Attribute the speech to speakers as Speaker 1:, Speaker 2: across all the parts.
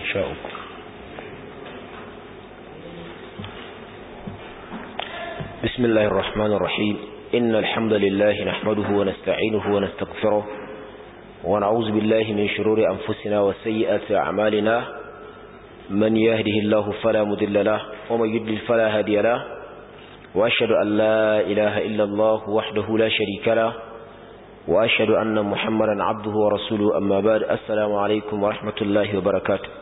Speaker 1: إنشاؤكم بسم الله الرحمن الرحيم إن الحمد لله نحمده ونستعينه ونستغفره ونعوذ بالله من شرور أنفسنا وسيئات أعمالنا من يهده الله فلا مذل له ومن يدل فلا هادي له وأشهد أن لا إله إلا الله وحده لا شريك له وأشهد أن محمدا عبده ورسوله أما بعد السلام عليكم ورحمة الله وبركاته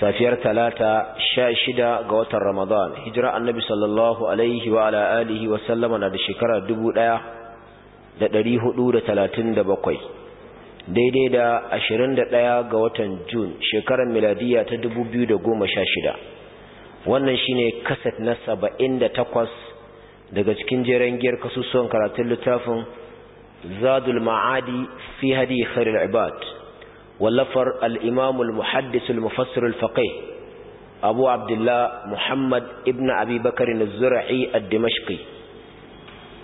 Speaker 1: safiyar talata sha shida ga watan ramadan hijira annabi sallallahu alaihi wa ala alihi wa sallama na da shekara dubu daya da dari hudu da talatin da bakwai daidai da ashirin da daya ga watan jun shekarar miladiya ta dubu biyu da goma sha shida wannan shine kaset na saba'in da takwas daga cikin jeren giyar kasusuwan karatun littafin zadul ma'adi fi hadi khairul ibad wallafar al-imam al-muhaddis al-mufassir al-faqih abu abdullah muhammad ibn abi bakr az-zur'i ad-dimashqi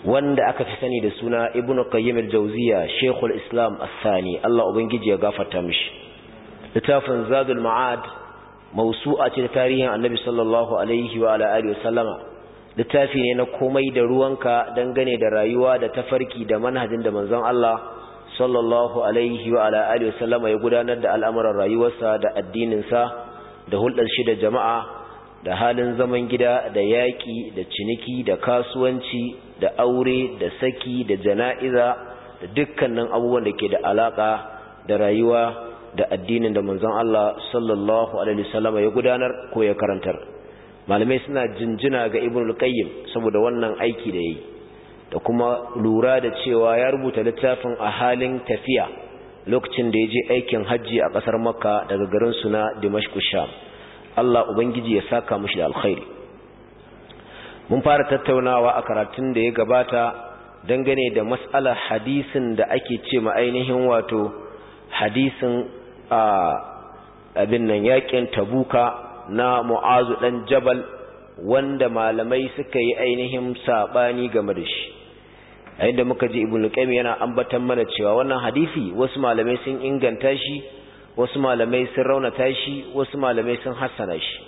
Speaker 1: wanda aka fi sani da suna ibn qayyim al-jawziya shaykh al-islam ath-thani ubangiji ya gafarta mishi littafin zadul ma'ad Mausu'a ce ta tarihin annabi sallallahu alaihi wa ala littafi ne na komai da ruwanka dangane da rayuwa da tafarki da manhajin da manzon Allah sallallahu alaihi wa ala alihi sallama ya gudanar da al'amuran rayuwarsa da addininsa da hulɗar shi da jama'a da halin zaman gida da yaƙi da ciniki da kasuwanci da aure da saki da jana'iza da dukkanin abubuwan da ke da alaƙa da rayuwa da addinin da manzon Allah sallallahu alaihi wasallama ya gudanar ko ya karantar malamai suna jinjina ga al qayyim saboda wannan aiki da yayi da kuma lura da cewa ya rubuta littafin a halin tafiya lokacin da ya je aikin hajji a ƙasar makka daga garinsu na dimashku sham allah ubangiji ya saka mushi da alkhairi mun fara tattaunawa a karatun da ya gabata dangane da matsalar hadisin da ake ce ma ainihin wato hadisin a abin nan yakin tabuka na mu'azu ɗan jabal wanda malamai suka yi ainihin saɓani game da shi a yadda muka ji ibn qayyim yana ambatan mana cewa wannan hadisi wasu malamai sun inganta shi wasu malamai sun raunata shi wasu malamai sun hassana shi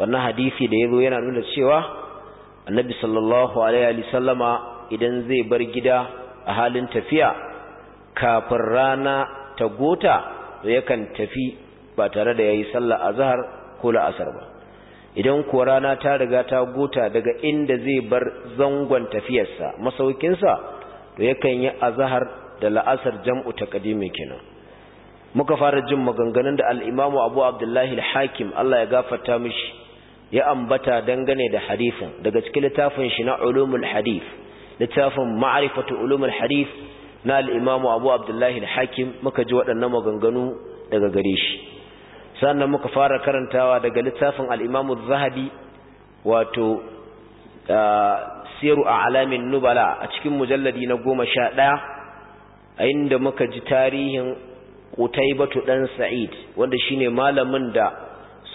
Speaker 1: wannan hadisi da yazo yana nuna cewa annabi sallallahu alaihi wa sallama idan zai bar gida a halin tafiya kafin rana ta gota yakan tafi ba tare da yayi sallah azhar ko la'asar ba idan ko rana ta riga ta guta daga inda zai bar zangon tafiyarsa masaukinsa to yakan yi azhar da la'asar jam'u ta taqdimi kenan muka fara jin maganganun da al imamu Abu Abdullah al-Hakim Allah ya gafarta mishi ya ambata dangane da hadisin daga cikin littafin shi na ulumul hadith littafin ma'rifatu ulumul hadith na al imamu Abu Abdullah al-Hakim muka ji waɗannan maganganu daga gare shi sannan muka fara karantawa daga littafin al'imamu zahabi wato siru a alamin nubala a cikin mujalladi na goma sha ɗaya a inda muka ji tarihin ƙutai batu ɗan sa'id wanda shi ne malamin da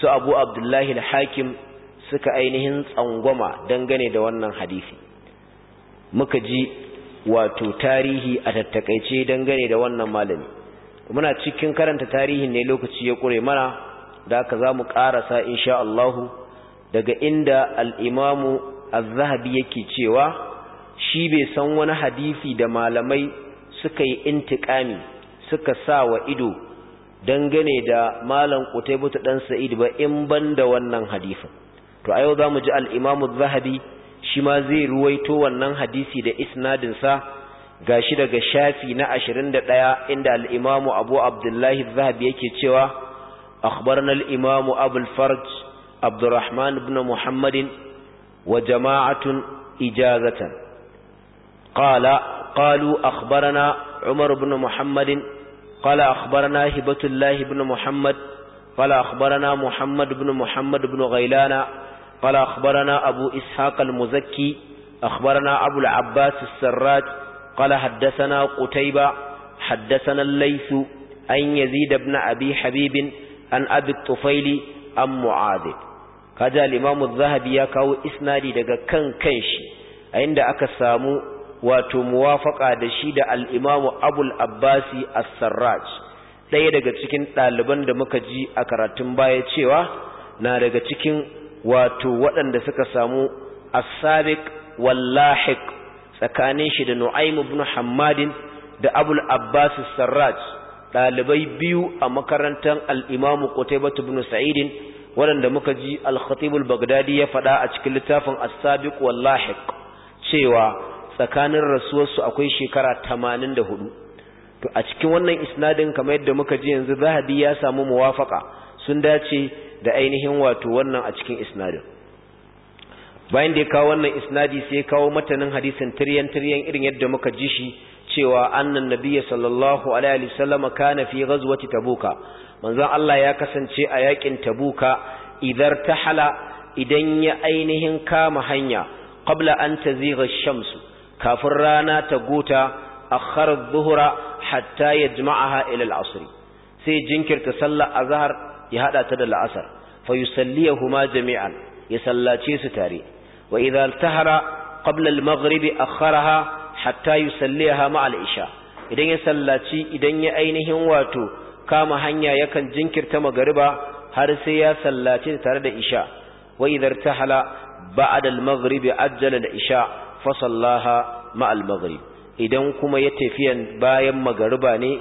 Speaker 1: su abu abdullahi hakim suka ainihin tsangwama dangane da wannan hadisi muka ji wato tarihi a tattakaice dangane da wannan malami muna cikin karanta tarihin ne lokaci ya ƙure mana da aka za mu ƙarasa insha Allahu daga inda al'imamu al-zahabi yake cewa shi bai san wani hadisi da malamai suka yi intikami suka sa wa ido dangane da malam kutaibutu ɗan sa'id ba in ban da wannan hadifin. to a yau za mu ji al'imamu al-zahabi shi ma zai ruwaito wannan hadisi da isnadinsa gashi daga shafi na 21 inda al-Imam Abu Abdullah az-Zahabi yake cewa akhbarana al-Imam Abu al-Farj Abdurrahman ibn Muhammad wa jama'atun ijazatan qala qalu akhbarana Umar ibn Muhammad qala akhbarana Hibatullah ibn Muhammad qala akhbarana Muhammad ibn Muhammad ibn Ghailana qala akhbarana Abu Ishaq al-Muzakki akhbarana Abu al-Abbas as-Sarrat قال حدثنا قتيبة حدثنا an أن يزيد بن أبي حبيب أن أبي الطفيل أم معاذ kaja al-Imam az-Zahabi ya kawo isnadi daga kan kanshi a inda aka samu wato muwafaka da shi da al-Imam Abul Abbasi As-Sarraj ɗaya daga cikin ɗaliban da muka ji a karatun baya cewa na daga cikin wato waɗanda suka samu as-sabiq tsakanin shi da nu'aim ibn hammadin da abul abbas sarraj ɗalibai biyu a makarantar Al-Imamu al'imamu qutaybah ibn sa'id waɗanda muka ji al-khatib al-baghdadi ya faɗa a cikin littafin as-sabiq wal-lahiq cewa tsakanin rasuwarsu akwai shekara 84 to a cikin wannan isnadin kamar yadda muka ji yanzu zahabi ya samu muwafaka sun dace da ainihin wato wannan a cikin isnadin bayan da ya kawo wannan isnadi sai ya kawo matanin hadisin tiryan tiryan irin yadda muka ji shi cewa annan nabiyya sallallahu alaihi wasallam kana fi ghazwati tabuka manzon Allah ya kasance a yakin tabuka idar tahala idan ya ainihin kama hanya qabla an tazigha shamsu kafin rana ta gota akhara adh-dhuhra hatta yajma'aha ila al-'asr sai jinkirta sallar azhar ya hada ta da al-'asr fa yusalliyahuma jami'an ya sallace su tare وإذا التهر قبل المغرب أخرها حتى يسليها مع isha idan ya sallaci idan ya ainihin wato kama hanya yakan jinkirta magariba har sai ya sallace tare da isha wa idhar tahala ba'da al-maghrib ajjala da isha fa sallaha ma al-maghrib idan kuma ya tafiyan bayan magariba ne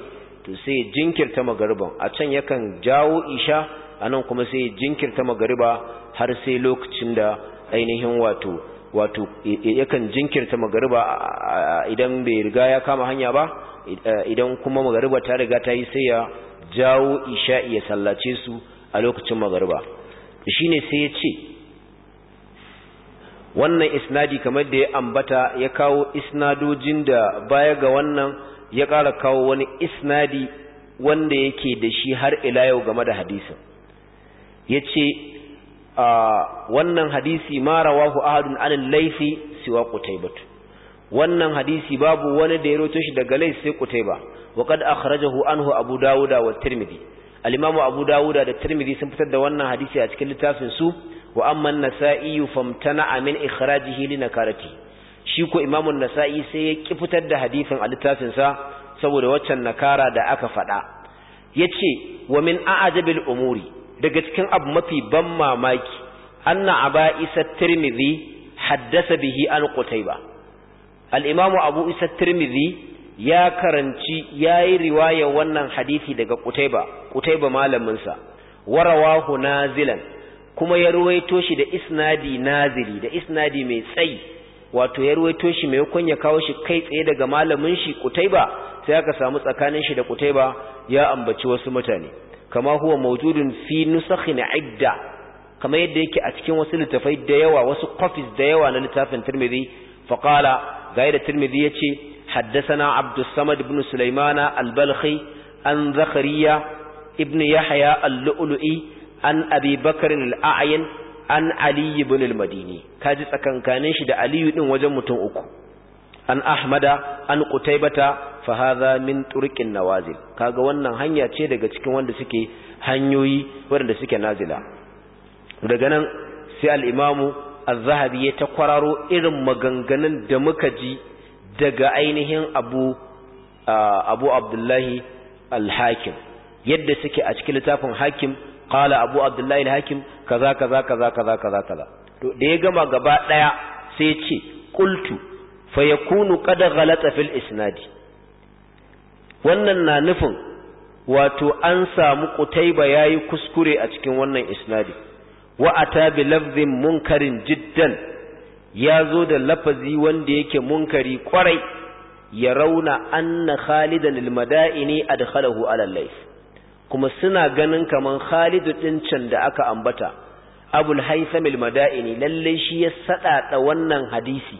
Speaker 1: to sai jinkirta magariban a can yakan jawo isha anan kuma sai ya jinkirta magariba har sai lokacin da ainihin wato wato yakan jinkirta magariba idan bai riga ya kama hanya ba idan kuma magariba ta riga ta yi sai ya jawo isha'i ya sallace su a lokacin magariba shine sai ya ce wannan isnadi kamar da ya ambata ya kawo isnadojin da baya ga wannan ya ƙara kawo wani isnadi wanda yake da shi har ila yau game da hadisin ya ce wannan hadisi ma rawahu ahadun an laifi siwa qutaybah wannan hadisi babu wani da ya roto shi daga laifi sai kutaiba wa kad akhrajahu anhu abu dawuda wa tirmidhi al-imam abu dawuda da tirmidhi sun fitar da wannan hadisi a cikin littafin su wa amma an-nasa'i famtana min ikhrajihi li nakarati shi ko imam an-nasa'i sai ya ki fitar da hadisin a littafin sa saboda waccan nakara da aka fada yace wa min a'jabil umuri daga cikin abu mafi ban mamaki anna aba isa tirmidhi haddasa bihi an qutayba al imamu abu isa tirmidhi ya karanci yayi riwaya wannan hadisi daga qutayba qutayba malamin sa warawahu nazilan kuma ya ruwaito shi da isnadi nazili da isnadi mai tsayi wato ya ruwaito shi mai kunya ya kawo shi kai tsaye daga malamin shi qutayba sai aka samu tsakanin shi da qutayba ya ambaci wasu mutane kama huwa mawjudun fi nusakhin idda kama yadda yake a cikin wasu littafai da yawa wasu copies da yawa na littafin Tirmidhi fa qala ga da Tirmidhi yace haddathana Abdus Samad ibn Sulaimana al-Balkhi an Zakariya ibn Yahya al-Lu'lu'i an Abi Bakr al-A'yan an Ali ibn al-Madini kaji tsakankanin shi da Aliyu din wajen mutum uku an Ahmada an Qutaybata fa hadha min turqin nawazil kaga wannan hanya ce daga cikin wanda suke hanyoyi wanda suke nazila daga nan sai al-imamu az-zahabi ya ta kwararo irin maganganun da muka ji daga ainihin abu abu abdullahi al-hakim yadda suke a cikin littafin hakim qala abu abdullahi al-hakim kaza kaza kaza kaza kaza kaza to da ya gama gaba daya sai ya ce qultu fa yakunu qad ghalata fil isnadi wannan na nufin wato an samu kutaiba yayi kuskure a cikin wannan isnadi wa lafzin munkarin jiddan ya zo da lafazi wanda yake munkari kwarai ya rauna anna khalidan almada'ini adkhalahu ala al-layth kuma suna ganin kaman khalid din can da aka ambata abul haytham almada'ini lalle shi ya sada da wannan hadisi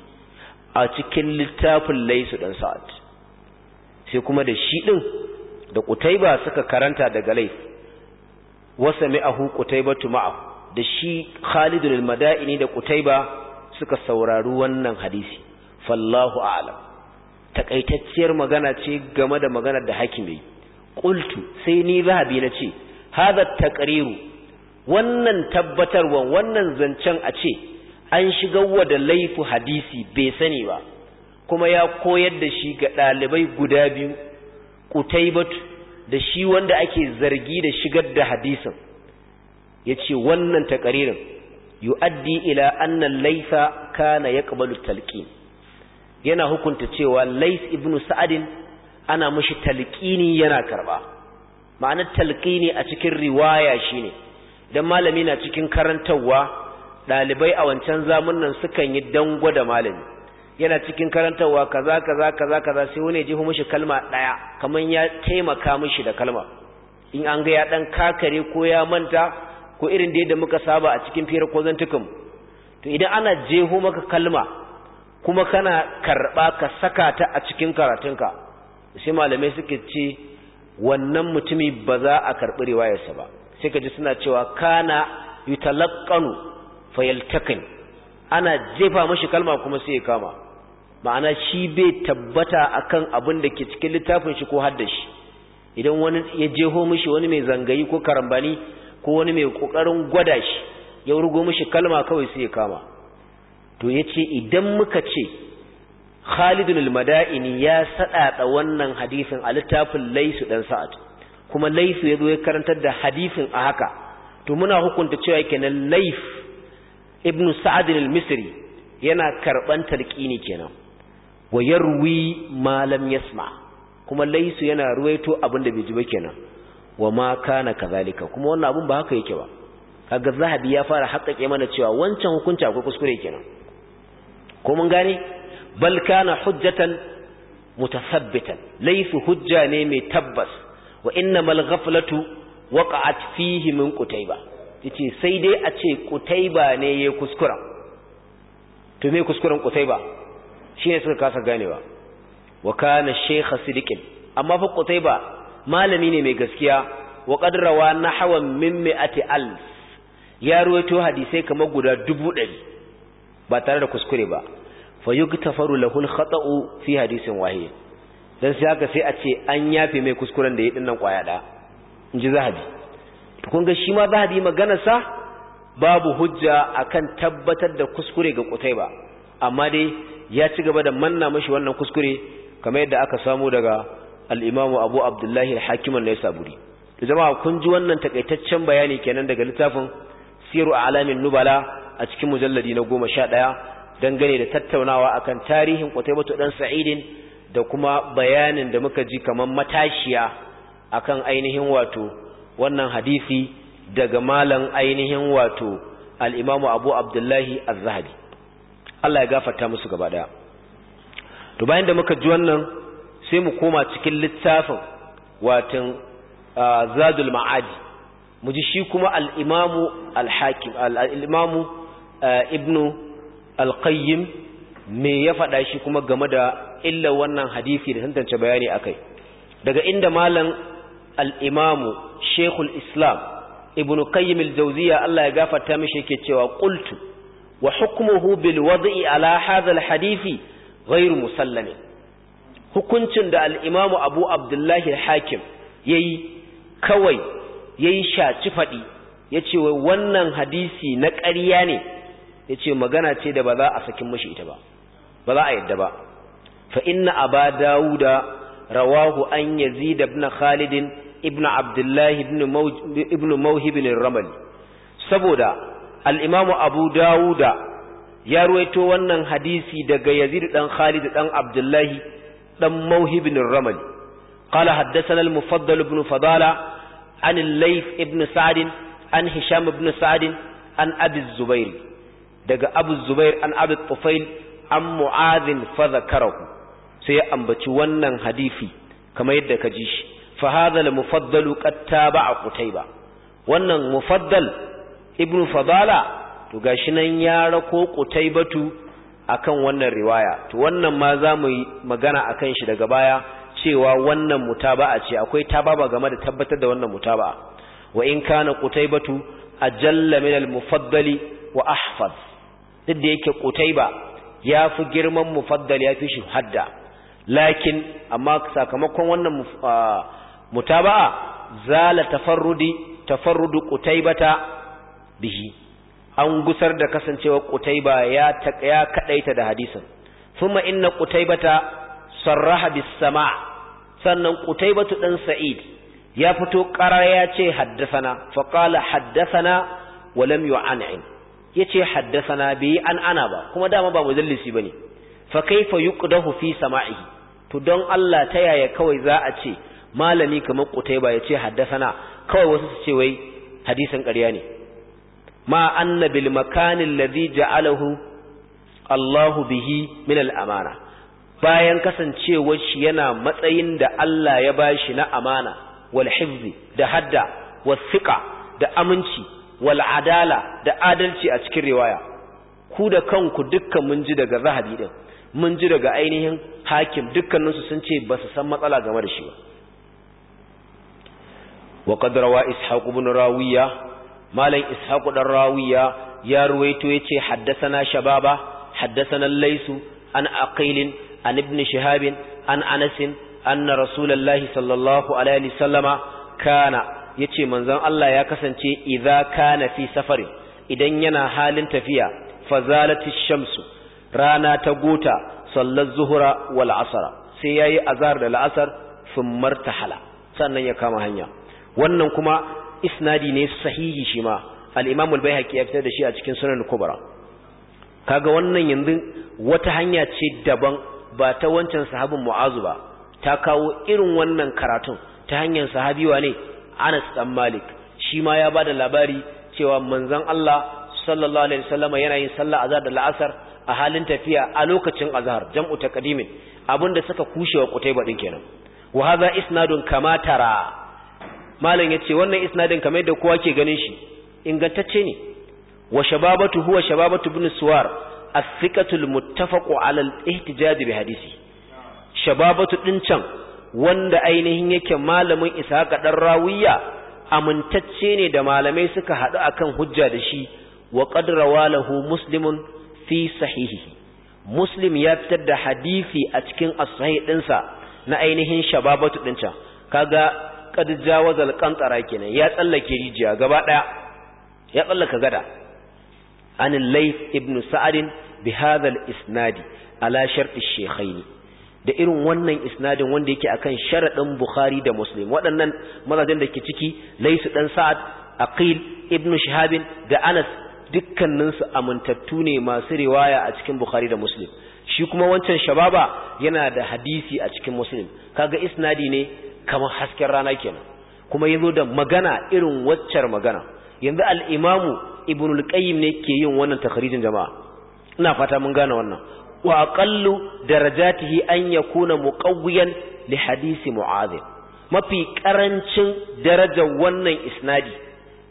Speaker 1: a cikin littafin laysu dan sa'ad sai kuma da shi ɗin, da ƙutaiba suka karanta daga laif wa sami'ahu Qutaybatu ma'a da shi Khalidu al-Madaini da ƙutaiba suka saurari wannan hadisi fallahu a'lam takaitacciyar magana ce game da maganar da hakimi qultu sai ni zahabi na ce hadha taqriru wannan tabbatarwa wannan zancen a ce an shigar wa da laifu hadisi bai sani ba kuma ya koyar da shi ga ɗalibai guda biyu ƙutaibat da shi wanda ake zargi da shigar da hadisin ce wannan takaririn yu'addi ila anna laysa kana yaqbalu talqin yana hukunta cewa lais ibn sa'adin ana mushi talƙini yana karɓa, ma'ana talƙini a cikin riwaya shine dan malami na cikin karantarwa, ɗalibai a wancan zamanin sukan yi dangwa da malami yana cikin karantarwa kaza kaza kaza kaza sai wani jihu mishi kalma daya kaman ya taimaka mishi da kalma in an ga ya dan kakare ko ya manta ko irin da yadda muka saba a cikin fira ko zantukan to idan ana jeho maka kalma kuma kana karba ka saka ta a cikin karatunka sai malamai suke ce wannan mutumi ba za a karbi riwayarsa ba sai ka ji suna cewa kana yutalaqqanu fayaltaqin ana jefa mashi kalma kuma sai ya kama ma'ana shi bai tabbata akan abin da ke cikin littafin shi ko haddashi idan wani ya jeho mishi wani mai zangayi ko karambani ko wani mai kokarin gwada shi ya rugo mishi kalma kawai sai ya kama to yace idan muka ce Khalid al-Madaini ya sadada wannan hadisin a littafin Laisu dan Sa'ad kuma Laisu yazo ya karantar da hadisin a haka to muna hukunta cewa kenan Laif ibn Sa'ad al-Misri yana karban talqini kenan wa yarwi ma lam yasma kuma laisu yana ruwaito abin da bai ji ba kenan wa ma kana kazalika kuma wannan abun ba haka yake ba kaga zahabi ya fara haƙƙaƙe mana cewa wancan hukunci akwai kuskure kenan ko mun gane bal kana hujjatan mutasabbitan laisu hujja ne mai tabbas wa innamal ghaflatu waqa'at fihi min qutayba yace sai dai a ce qutayba ne ya kuskura to me kuskuren qutayba shi ne suka kasa ganewa wa kana shekha sidikin amma fa qutayba malami ne mai gaskiya wa qad rawa nahwan min mi'ati alf ya ruwaito hadisai kamar guda dubu ɗari ba tare da kuskure ba fa yugtafaru lahu khatau fi hadisin wahid dan sai haka sai a ce an yafe mai kuskuren da ya dinnan kwaya da inji zahabi to kun ga shi ma zahabi magana sa babu hujja akan tabbatar da kuskure ga Qutaiba amma dai ya ci gaba da manna mashi wannan kuskure kamar yadda aka samu daga al-Imam Abu Abdullahi al-Hakim an-Naisaburi to jama'a kun ji wannan takaitaccen bayani kenan daga littafin Siru Alamin Nubala a cikin mujalladi na goma sha 11 dangane da tattaunawa akan tarihin Qutaybah dan Sa'idin da kuma bayanin da muka ji kamar matashiya akan ainihin wato wannan hadisi daga malam ainihin wato al-Imam Abu Abdullahi al zahabi Allah ya gafarta musu gaba ɗaya to bayan da muka ji wannan sai mu koma cikin littafin watan zadul ma'adi mu ji shi kuma al'imamu imamu al ibnu al-qayyim me ya faɗa shi kuma game da illa wannan hadisi da tantance bayani akai daga inda malam al'imamu shekul islam ibnu ƙayyim al-jawziya Allah ya gafarta mishi yake cewa ƙultu wa hukmuhu bil wad'i a hadha al hadisi ghairu musallami hukuncin da al imamu abu abdullahi Hakim hakim yayi kawai yayi shaci fadi yace wai wannan hadisi na ƙarya ne yace magana ce da ba za a sakin mushi ita ba ba za a yadda ba fa inna aba Dawuda, rawahu an yazid ibn khalidin ibn abdullahi ibn mawhib ibn saboda al abu dawuda ya ruwaito wannan hadisi daga yazid ɗan khalid ɗan abdullahi ɗan mauhib bin ramali qala haddathana al-mufaddal ibn fadala an Laif ibn Sa'adin, an hisham ibn Sa'adin, an abi zubair daga abu zubair an abi tufail an mu'adhin fa sai ya ambaci wannan hadisi kamar yadda ka ji shi fa hadha al-mufaddal qad taba'a qutayba wannan mufaddal ibn fadala to gashi nan ya rako qutaybatu akan wannan riwaya to wannan ma za mu yi magana akan shi daga baya cewa wannan mutaba'a ce akwai tababa game da tabbatar da wannan mutaba'a wa in kana Kutaibatu ajalla min al-mufaddali wa ahfaz duk da yake qutayba ya fi girman mufaddali ya fi shi hadda lakin amma sakamakon wannan ah, mutaba'a zala tafarrudi tafarrudu kutaibata. bihi an gusar da kasancewar kutaiba ya ya kadaita da hadisin kuma inna kutaibata sarraha bis sama' sannan Qutaybatu dan Sa'id ya fito qarar ya ce haddathana fa qala haddathana wa lam yu'an'in yace haddathana bi an ana ba kuma dama ba ba bane fa kaifa yuqdahu fi sama'ihi to don Allah ta yaya kawai za a ce malami kamar ya yace haddasana kawai wasu su ce wai hadisin ƙarya ne ma anna bil makan alladhi ja'alahu Allahu bihi min amana bayan kasancewar shi yana matsayin da Allah ya ba shi na amana wal hifzi da hadda was da aminci wal adala da adalci a cikin riwaya ku da kanku dukkan mun ji daga zahabi din mun ji daga ainihin hakim dukkaninsu sun ce ba su san matsala game da shi ba wa qad rawa ishaq ibn rawiya malam ishaku ɗan rawiya ya ruwaito yace na shababa haddasana laisu an aqilin an ibn shihab an an na rasulullahi sallallahu alaihi wasallama kana yace manzon Allah ya kasance iza kana fi safari idan yana halin tafiya fazalati shamsu rana ta gota sallar zuhura wal asara sai yayi azar da la'asar thumma tahala sannan ya kama hanya wannan kuma isnadi ne sahihi shi ma al-imam al-baihaqi ya fitar da shi a cikin sunan kubra kaga wannan yanzu wata hanya ce daban ba ta wancan sahabin mu'azu ba ta kawo irin wannan karatun ta hanyar sahabiwa ne Anas dan Malik shi ma ya da labari cewa manzon Allah sallallahu alaihi wasallam yana yin sallah azhar da la'asar a halin tafiya a lokacin azhar jam'u ta taqdimin abinda suka kushewa kutaiba din kenan wa hadha isnadun kama tara malam yace wannan isnadin kamar yadda kowa ke ganin shi ingantacce ne wa shababatu huwa shababatu ibn suwar athiqatul muttafaqu ala al-ihtijaj bi hadisi shababatu dincan wanda ainihin yake malamin ishaqa dan rawiya amintacce ne da malamai suka hadu akan hujja da shi wa qad rawalahu muslimun fi sahihihi muslim ya fitar da hadisi a cikin as-sahih dinsa na ainihin shababatu ɗincan kaga qad jawaza al-qantara kenan ya tsallake rijiya gaba daya ya tsallaka gada an al-layth ibn sa'd bi hadha al-isnadi ala shart al shaykhayn da irin wannan isnadin wanda yake akan sharadin bukhari da muslim waɗannan mazajen da ke ciki laysu dan sa'ad aqil ibn shihab da anas dukkaninsu amintattu ne masu riwaya a cikin bukhari da muslim shi kuma wancan shababa yana da hadisi a cikin muslim kaga isnadi ne kamar hasken rana kenan kuma yazo da magana irin waccar magana yanzu al-imamu ibn al-qayyim ne ke yin wannan takhrijin jama'a ina fata mun gane wannan wa aqallu darajatihi an yakuna muqawwiyan li hadisi mu'adh mafi karancin darajar wannan isnadi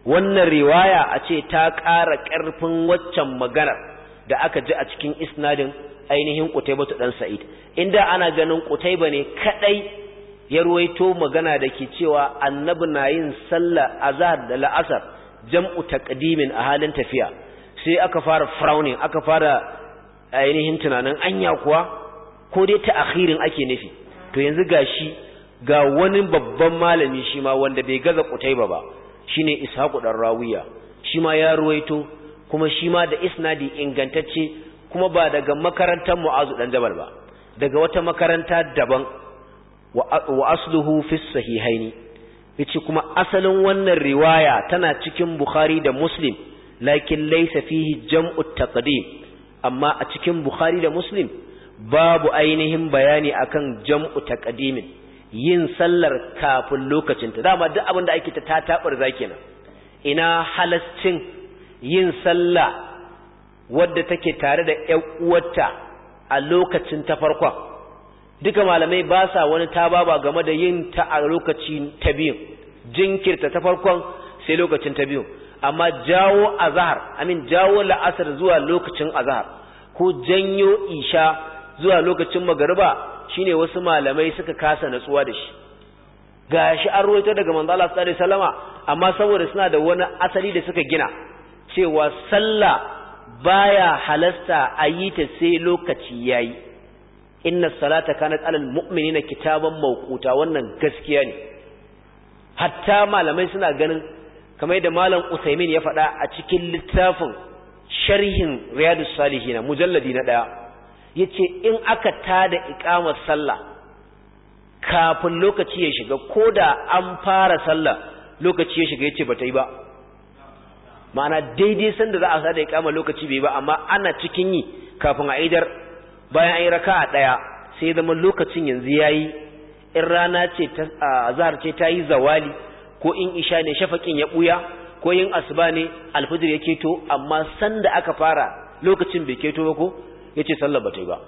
Speaker 1: wannan riwaya a ce ta ƙara ƙarfin waccan maganar da aka ji a cikin isnadin ainihin Qutaybah dan Sa'id inda ana ganin Qutaybah ne kadai ya ruwaito magana da ke cewa annabi na yin sallah azhar da la'asar jam'u taqdimin a halin tafiya sai aka fara frowning aka fara ainihin tunanin anya kuwa ko dai ta akhirin ake nufi to yanzu gashi ga wani babban malami shi ma wanda bai gaza kutaiba ba shine ishaqu dan rawiya shi ma ya ruwaito kuma shi ma da isnadi ingantacce kuma ba daga makarantar mu'azu dan jabal ba daga wata makaranta daban wa asluhu fi sahihaini yace kuma asalin wannan riwaya tana cikin bukhari da muslim lakin laysa fihi jam'u taqdim amma a cikin bukhari da muslim babu ainihin bayani akan jam'u taqdimin yin sallar kafin lokacinta dama duk abinda da ake ta tatabar zakenan ina halascin yin sallah wadda take tare da ƴan uwarta a lokacin ta farkon duka malamai ba sa wani tababa game da yin ta a lokacin ta biyu. jinkirta ta farkon sai lokacin ta biyu. amma jawo azhar amin jawo la'asar zuwa lokacin azhar ko janyo isha zuwa lokacin magariba shine wasu malamai suka kasa natsuwa da shi gashi an ruwaito daga manzo Allah sallallahu alaihi amma saboda suna da wani asali da suka gina cewa sallah baya halasta a yi ta sai lokaci yayi inna salata kanat alal mu'minina kitaban mawquta wannan gaskiya ne hatta malamai suna ganin kamar yadda malam Usaimin ya faɗa a cikin littafin sharhin riyadus salihin mujalladi na daya yace in aka tada iqamar sallah kafin lokaci ya shiga koda an fara sallah lokaci ya shiga yace bata yi ba ma'ana daidai sanda za a sada iqamar lokaci bai ba amma ana cikin yi kafin a idar bayan an yi raka'a ɗaya sai zama lokacin yanzu ya yi in rana ce zahar ce ta yi zawali ko in isha ne shafaƙin ya buya ko yin asuba ne alfijir ya keto amma sanda aka fara lokacin bai keto ba ko ya ce sallar ba ta yi ba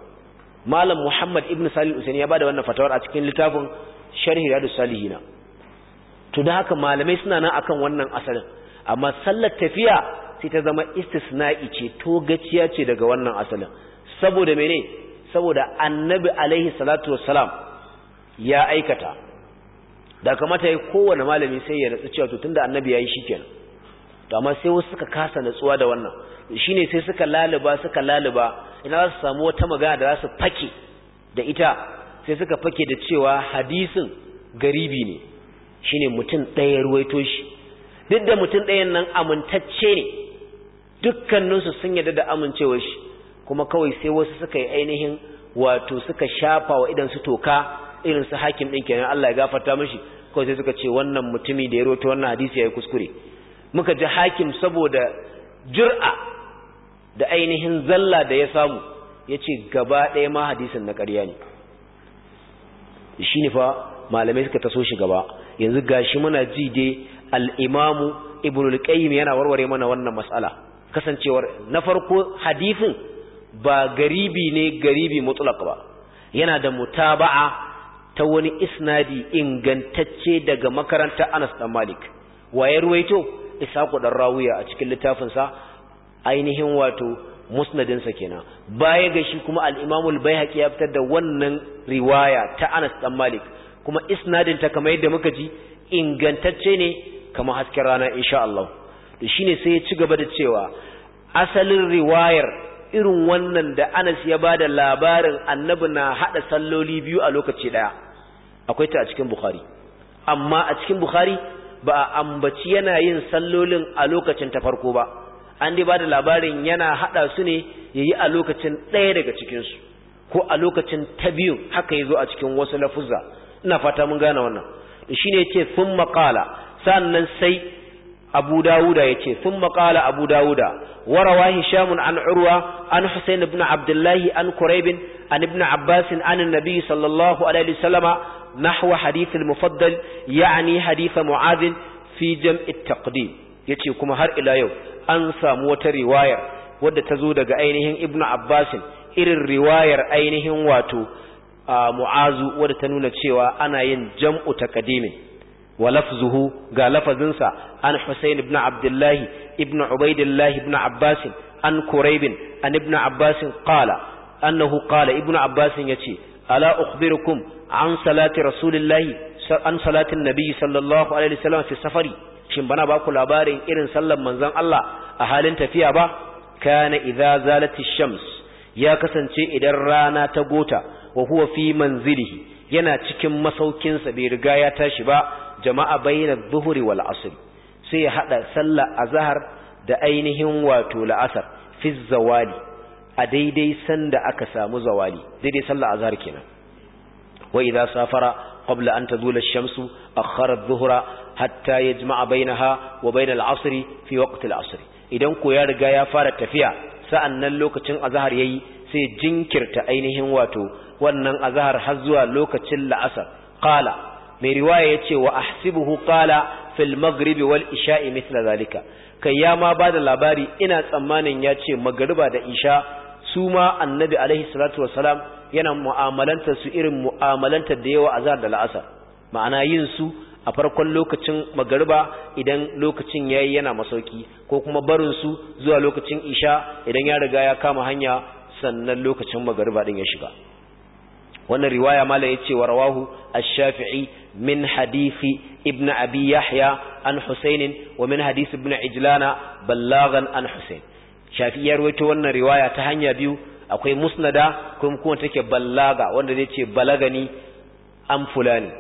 Speaker 1: malam muhammad ibn salih usain ya ba da wannan fatawar a cikin littafin sharhi riyadu salihina to da haka malamai suna nan akan wannan asalin amma sallar tafiya sai ta zama istisna'i ce to gaciya ce daga wannan asalin saboda mene saboda annabi alaihi salatu wassalam ya aikata da kamata ya kowane malami sai ya natsu cewa to tunda annabi yayi kenan to amma sai wasu suka kasa natsuwa da wannan shine sai suka laluba suka laluba ina za su samu wata magana da za su fake da ita sai suka fake da cewa hadisin garibi ne shine mutum ɗaya ruwaito shi duk da mutum ɗayan nan amintacce ne dukkaninsu sun yarda da amincewar shi kuma kawai sai wasu suka yi ainihin wato suka shafa wa idan su toka irin su hakim ɗin kenan Allah ya gafarta mishi kawai sai suka ce wannan mutumi da ya roto wannan hadisi yayi kuskure muka ji hakim saboda jur'a da ainihin zalla da ya samu yace gaba ɗaya ma hadisin na ƙarya ne shine fa malamai suka taso shi gaba yanzu gashi muna ji dai al-imamu ibnul qayyim yana warware mana wannan mas'ala kasancewar na farko hadisin ba garibi ne garibi mutlaq ba yana da mutaba'a ta wani isnadi ingantacce daga makarantar Anas dan Malik waye ruwaito Isaku dan Rawiya a cikin littafin sa ainihin wato musnadinsa kenan baya ga shi kuma al-Imam al ya fitar da wannan riwaya ta Anas dan Malik kuma isnadin ta kamar yadda muka ji ingantacce ne kamar hasken rana insha Allah to shine sai ya ci gaba da cewa asalin riwayar irin wannan da Anas ya bada labarin annabi na hada salloli biyu a lokaci daya akwai ta a cikin Bukhari amma a cikin Bukhari ba a ambaci yana yin sallolin a lokacin ta farko ba an dai bada labarin yana hada su ne yayi a lokacin ɗaya daga cikin su ko a lokacin ta biyu haka yazo a cikin wasu lafuzza ina fata mun gane wannan shine yace thumma qala sannan sai abu dawuda ya ce sun maƙala abu dawuda warawa hishamun an urwa an husain ibn abdullahi an kuraibin an ibn abbasin an nabi sallallahu alaihi wasallama nahwa hadith al ya ani hadith mu'adh fi jam'i taqdim yace kuma har ila yau an samu wata riwayar wadda ta zo daga ainihin ibn abbasin irin riwayar ainihin wato mu'azu wadda ta nuna cewa ana yin jam'u taqdimin ولفظه قال ga عن حسين بن عبد الله ابن عبيد الله بن عباس عن كريب عن ابن عباس قال أنه قال ابن عباس يتي ألا أخبركم عن صلاة رسول الله عن صلاة النبي صلى الله عليه وسلم في السفر shin bana ba ku labarin irin sallan manzon Allah a halin tafiya ba kana idza zalati shams ya kasance idan rana ta gota wa huwa fi manzilihi yana cikin masaukin bai riga ya tashi ba jama'a baina zuhuri wal asr sai ya hada sallar azhar da ainihin wato la'asar fi zawali a daidai sanda aka samu zawali daidai sallar azhar kenan wa idza safara qabla an tazula ash-shamsu akhara adh-dhuhra hatta yajma'a bainaha wa bain al-'asr fi waqt al-'asr idan ko ya riga ya fara tafiya sa'annan lokacin azhar yayi sai jinkirta ainihin wato wannan azhar har zuwa lokacin la'asar qala mai riwaya ya ce wa ahsibuhu qala fil maghribi wal isha'i mithla zalika kai ya ma bada labari ina tsammanin ya ce magriba da isha su ma annabi alaihi salatu wassalam yana mu'amalanta su irin mu'amalanta da yawa azhar da la'asar ma'ana yin su a farkon lokacin magariba idan lokacin yayi yana masauki ko kuma barin su zuwa lokacin isha idan ya riga ya kama hanya sannan lokacin magariba din ya shiga wannan riwaya mala yace wa rawahu ash-shafi'i Min من حديث ابن أبي يحيى عن حسين ومن حديث ابن عجلان بلاغا عن حسين شافي wannan riwaya ta تهنيا biyu akwai musnada kuma kuma take ballaga wanda zai ce balagani an fulani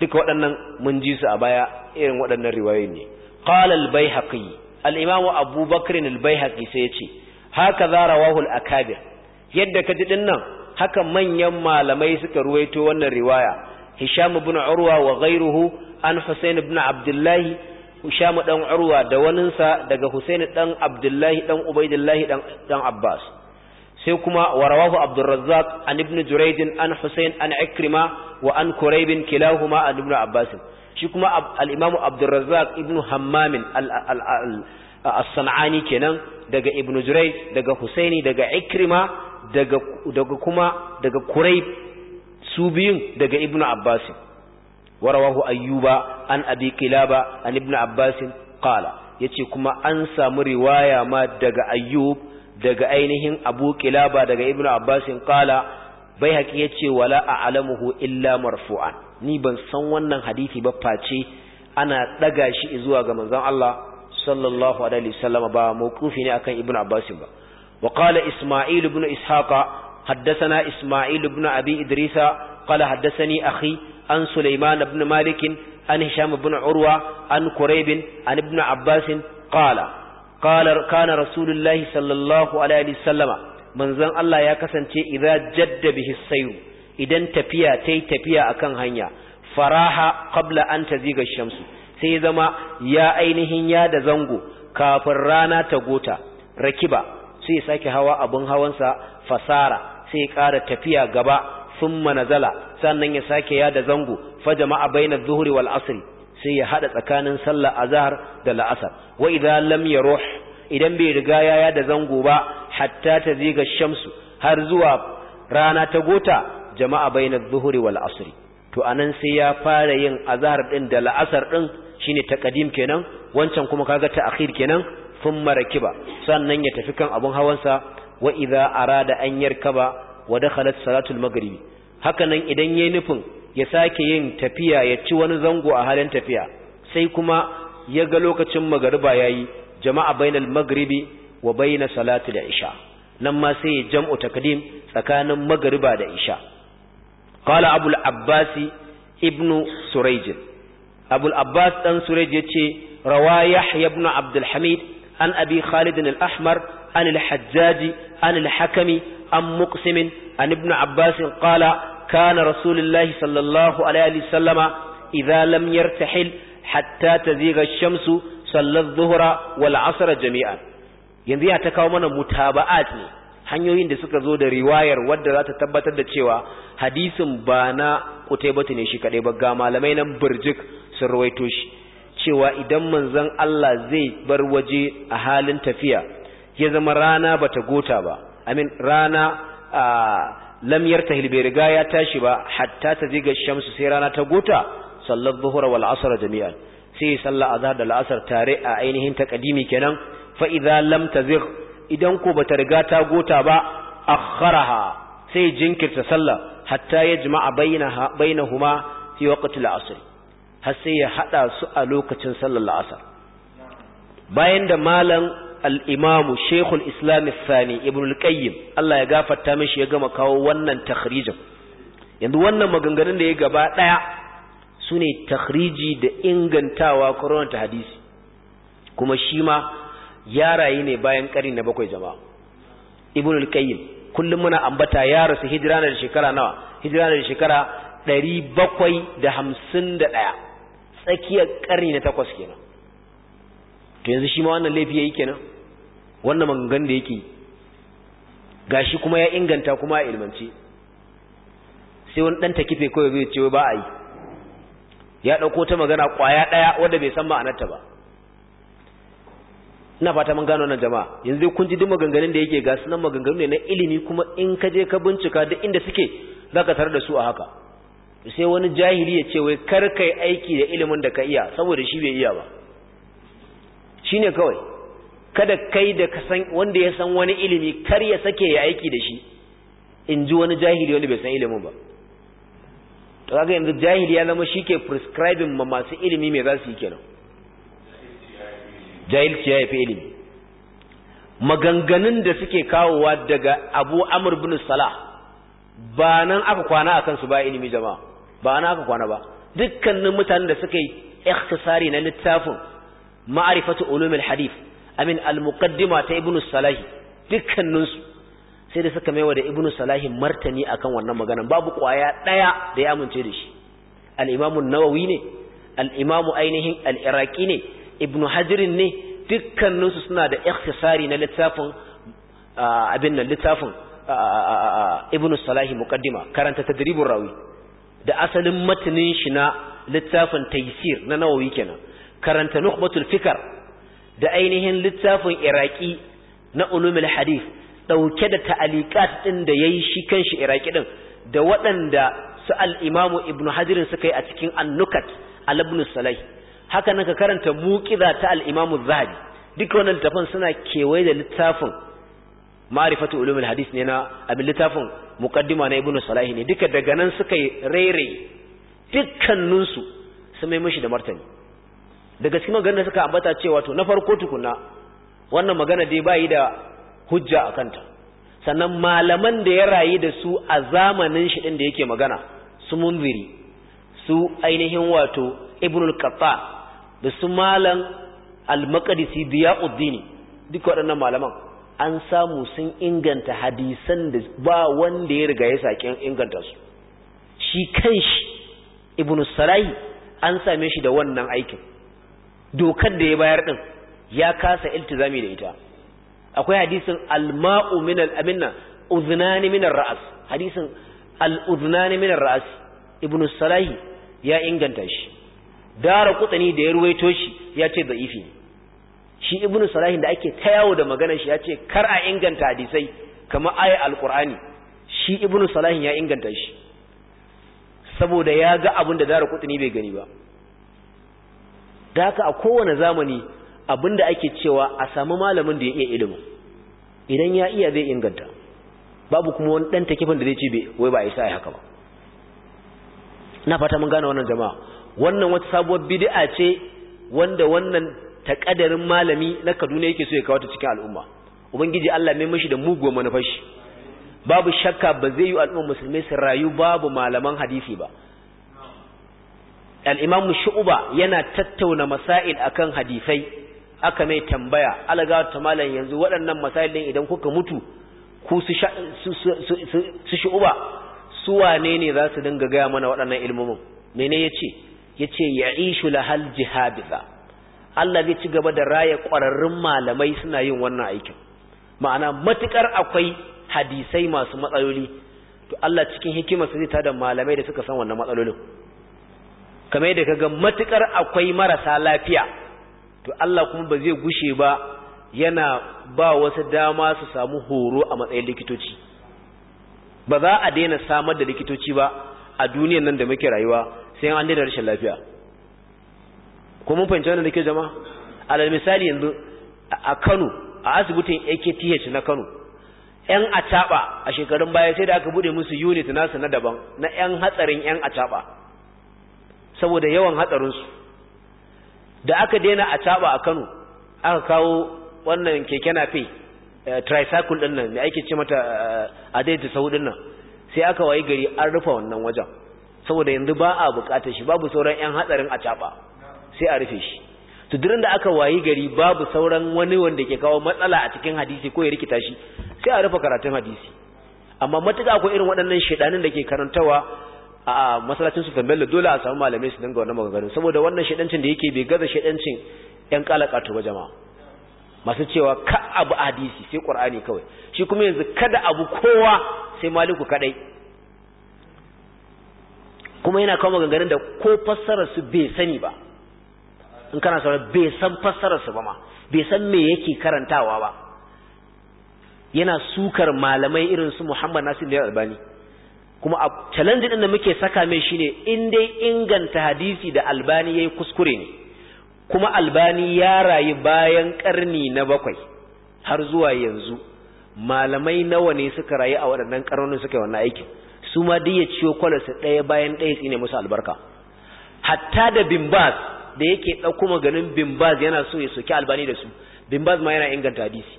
Speaker 1: duka waɗannan mun ji a baya irin waɗannan riwayoyi ne qala al-baihaqi al-imam Abu Bakr al-Baihaqi sai ya ce haka zarawahu a kabir yadda ka ji dinnan haka manyan malamai suka ruwaito wannan riwaya hisham ibn urwa wa ghayruhu an husayn ibn abdullahi hisham dan urwa da waninsa daga husayn dan abdullahi dan ubaidillahi dan dan abbas sai kuma warawahu abdurrazzaq an ibn jurayd an husayn an ikrima wa an kurayb kilahuma an ibn abbas shi kuma al-imam abdurrazzaq ibn hammam al as-sanani kenan daga ibn jurayd daga husaini daga ikrima daga daga kuma daga kurayb su biyun daga ibnu abbas warawahu ayyuba an abi kilaba an ibnu abbas qala yace kuma an samu riwaya ma daga ayyub daga ainihin abu kilaba daga ibnu abbas qala bai haƙi yace wala a'lamuhu illa marfu'an ni ban san wannan hadisi ba face ana daga shi zuwa ga manzon Allah sallallahu alaihi wasallam ba mawqufi ne akan ibnu abbas ba wa qala isma'il ibnu ishaqa حدثنا إسماعيل بن أبي إدريس قال حدثني أخي عن سليمان بن مالك عن هشام بن عروة عن كريب عن ابن عباس قال قال كان رسول الله صلى الله عليه وسلم من زن الله يا كسنتي إذا جد به السير إذا تفيا تي تفيا أكن هنيا فراها قبل أن تزيغ الشمس sai zama ya ainihin ya da zango kafin rana ta gota rakiba sai sake hawa abun hawansa fasara sai ya ƙara tafiya gaba thumma nazala sannan ya sake ya da zango fa jama'a baina zuhuri wal asri sai ya haɗa tsakanin sallar azhar da la'asar wa idza lam yaruh idan bai riga ya ya da zango ba hatta ta ziga shamsu har zuwa rana ta gota jama'a na dhuhri wal asri to anan sai ya fara yin azahar ɗin da la'asar din shine ta kadim kenan wancan kuma kaga ta akhir kenan thumma rakiba sannan ya tafi kan abin hawansa wa ara arada an yarkaba wa dakhalat salatul maghribi hakanan idan yayi nufin ya sake yin tafiya ya ci wani zango a halin tafiya sai kuma ya ga lokacin magariba yayi jama'a bainal maghribi wa baina salatul isha nan ma sai ya jam'u takdim tsakanin magariba da isha qala abul abbasi ibnu surayj abul abbas dan surayj yace rawa yahya ibn abdul hamid an abi khalid al ahmar عن الحجاج عن الحكم عن مقسم عن ابن عباس قال كان رسول الله صلى الله عليه وسلم إذا لم يرتحل حتى تزيغ الشمس صلى الظهر والعصر جميعا yanzu ya ta kawo mana mutaba'at ne hanyoyin da suka zo da riwayar wadda za ta tabbatar da cewa hadisin ba na kutaibatu ne shi kaɗai ba ga malamai nan birjik sun rawaito shi cewa idan manzon Allah zai bar waje a halin tafiya ya zama rana bata gota ba amin rana a lam yartahil riga ya tashi ba hatta ta ziga shamsu sai rana ta gota sallar zuhura wal asr jami'an sai salla azhar da La'asar tare a ainihin ta kadimi kenan fa'iza idza lam idan ko bata riga ta gota ba akharaha sai jinkirta sallah hatta yajma'a bainaha bainahuma fi waqti al'asr har sai ya haɗa su a lokacin sallar la'asar bayan da malam al-imamu shekul islam sani ibn al Allah ya gafarta mishi ya gama kawo wannan takhrijin yanzu wannan maganganun da ya gaba daya sune takhriji da ingantawa koronata ta hadisi kuma shi ma ya rayu ne bayan ƙari na bakwai jama'a ibn al kullum muna ambata ya rasu hijira da shekara nawa hijira da shekara ɗaya. tsakiyar ƙarni na takwas kenan to yanzu shi ma wannan laifi ya yi kenan wannan mangan da yake gashi kuma ya inganta kuma ya ilmance sai wani ɗanta takife kawai zai ce ba a yi ya ɗauko ta magana kwaya ɗaya wanda bai san ma'anarta ba ina fata mun gano wannan jama'a yanzu kun ji duk maganganun da yake ga sunan maganganu ne na ilimi kuma in ka je ka bincika duk inda suke ka tarar da su a haka sai wani jahili ya ce wai kar kai aiki da ilimin da ka iya saboda shi bai iya ba Shi ne kawai kada kai da ka wanda ya san wani ilimi kar ya sake ya aiki da shi in ji wani jahili wanda bai san ilimin ba to kaga yanzu jahili ya zama ke prescribing ma masu ilimi mai za su yi kenan jahilci ya fi ilimi maganganun da suke kawowa daga Abu Amr bin Salah ba nan aka kwana akan su ba ilimi jama'a ba nan aka kwana ba dukkanin mutanen da suka yi ikhtisari na littafin ma'arifatu ulumul hadith amin al-muqaddima ta ibnu salahi dukkanin su sai da suka maiwa da ibnu salahi martani akan wannan maganan babu kwaya daya da ya amince da shi al-imam an-nawawi ne al-imam ainihin al-iraqi ne ibnu hajar ne dukkanin su suna da ikhtisari na littafin abin nan littafin ibnu salahi muqaddima karanta tadribur rawi da asalin matanin shi na littafin taysir na nawawi kenan karanta nukhbatul fikar da ainihin littafin iraki na ulumul hadith dauke da ta'alikat din da yayi shi kanshi iraki din da waɗanda su al-imamu ibnu hajar suka yi a cikin annukat al-ibn salih haka nan ka karanta muqiza ta al-imamu zahabi duk wannan littafin suna kewaye da littafin ma'rifatu ulumul hadith ne na abin littafin muqaddima na ibnu salih ne duka daga nan suka yi rere dukkaninsu sun mai mishi da martani daga cikin maganar suka ambata cewa to na farko tukunna wannan magana dai bayi da hujja a kanta sannan malaman da ya rayu da su a zamanin shi din da yake magana su munziri su ainihin wato al qatta da su malam al-maqdisi diyauddin duk waɗannan malaman an samu sun inganta hadisan da ba wanda ya riga ya saƙin inganta su shi kanshi ibnu sarai an same shi da wannan aikin dokar da ya bayar din ya kasa iltizami da ita akwai hadisin alma'u min al-aminna udhnani min ar-ra's hadisin al-udhnani min ar-ra's ibnu salahi ya inganta shi dara kutsani da ya ruwaito shi ya ce da'ifi shi ibnu salahi da ake tayawo da magana shi ya ce kar a inganta hadisai kamar aya al-qur'ani shi ibnu salahi ya inganta shi saboda ya ga abin da dara kutsani bai gani ba da haka a kowane zamani abinda ake cewa a samu malamin da ya iya ilimi idan ya iya zai inganta babu kuma wani dan takifin da zai ci bai wai ba isa ai haka ba na fata mun gane wannan jama'a wannan wata sabuwar bid'a ce wanda wannan takadarin malami na Kaduna yake so ya kawo ta cikin al'umma ubangiji Allah mai mishi da muguwar manufar shi babu shakka ba zai yi al'umma musulmai su rayu babu malaman hadisi ba al'imamu shu'uba yana tattauna masail akan hadisai aka mai tambaya alaga ta malam yanzu waɗannan masail ɗin idan kuka mutu ku su shu'uba su wane ne za su dinga gaya mana waɗannan ilmomin mene ya ce ya ce ya ishu lahal jihadisa Allah zai ci gaba da raya ƙwararrun malamai suna yin wannan aikin ma'ana matuƙar akwai hadisai masu matsaloli to Allah cikin hikimarsa zai tada malamai da suka san wannan matsalolin kamar yadda kaga matukar akwai marasa lafiya to Allah kuma ba zai gushe ba yana ba wasu dama su samu horo a matsayin likitoci ba za a daina samar da likitoci ba a duniyan nan da muke rayuwa sai an daina rashin lafiya Kuma mun fahimci wannan dake jama'a alal misali yanzu a Kano a asibitin AKTH na Kano yan ataba a shekarun baya sai da aka bude musu unit nasu na daban na yan hatsarin yan ataba. saboda yawan hatsarinsu da aka daina a taba a kano aka kawo wannan keke nafe eh, tricycle din nan da ake ce mata eh, a daidaita sau din nan sai aka wayi gari an rufe wannan wajen saboda yanzu ba a bukatar shi babu sauran yan hatsarin a taba sai a rufe shi tudurin da aka wayi gari babu sauran wani wanda ke kawo matsala a cikin hadisi ko ya rikita shi sai a rufe karatun hadisi amma matuƙa akwai irin waɗannan shedanin da ke karantawa a masalacin su da dole a samu malamai su dinga wannan maganganun saboda wannan shedancin da yake bai gaza shedancin yan kalakatu ba jama'a masu cewa ka abu hadisi sai qur'ani kawai shi kuma yanzu kada abu kowa sai maliku kadai kuma yana kawo maganganun da ko fassarar su bai sani ba in kana saurara bai san fassarar su ba ma bai san me yake karantawa ba yana sukar malamai irin su Muhammad Nasir Albani kuma a challenge din da muke saka mai shine in dai inganta hadisi da albani yayi kuskure ne kuma albani ya rayu bayan karni na bakwai har zuwa yanzu malamai nawa ne suka rayu a waɗannan karnonin suka yi wannan aikin su ma dai ya ciyo kwalarsa ɗaya bayan ɗaya tsine musu albarka hatta da bimbaz da yake ɗauko maganin bimbaz yana so ya soki albani da su bimbaz ma yana inganta hadisi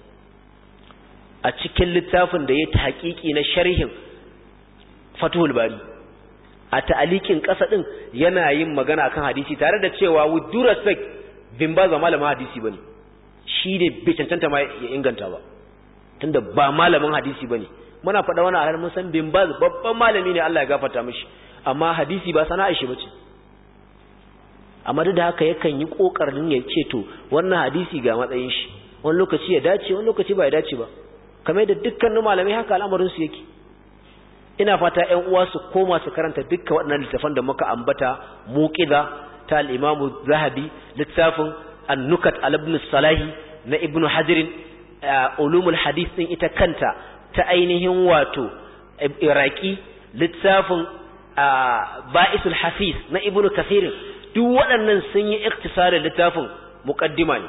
Speaker 1: a cikin littafin da ya ta na sharhin fatuhul bari a ta'alikin ƙasa ɗin yana yin magana kan hadisi tare da cewa with due bin ba malamin hadisi bane shi ne bai cancanta ma ya inganta ba tunda ba malamin hadisi bane muna faɗa wani har mun san bin ba babban malami ne Allah ya gafarta mishi amma hadisi ba sana'a shi bace amma duk da haka yakan yi kokarin ya ce to wannan hadisi ga matsayin shi wani lokaci ya dace wani lokaci ba ya dace ba kamar da dukkanin malamai haka al'amarin su yake ina fata ƴan uwa su koma su karanta dukkan waɗannan littafan da muka ambata muqiza ta al-imamu zahabi littafin an-nukat al-ibn salahi na ibn hajar uh, ulumul hadith din ita kanta ta ainihin wato iraki littafin uh, ba'isul hafiz na ibn kathir duk waɗannan sun yi iktisarin littafin muqaddima ne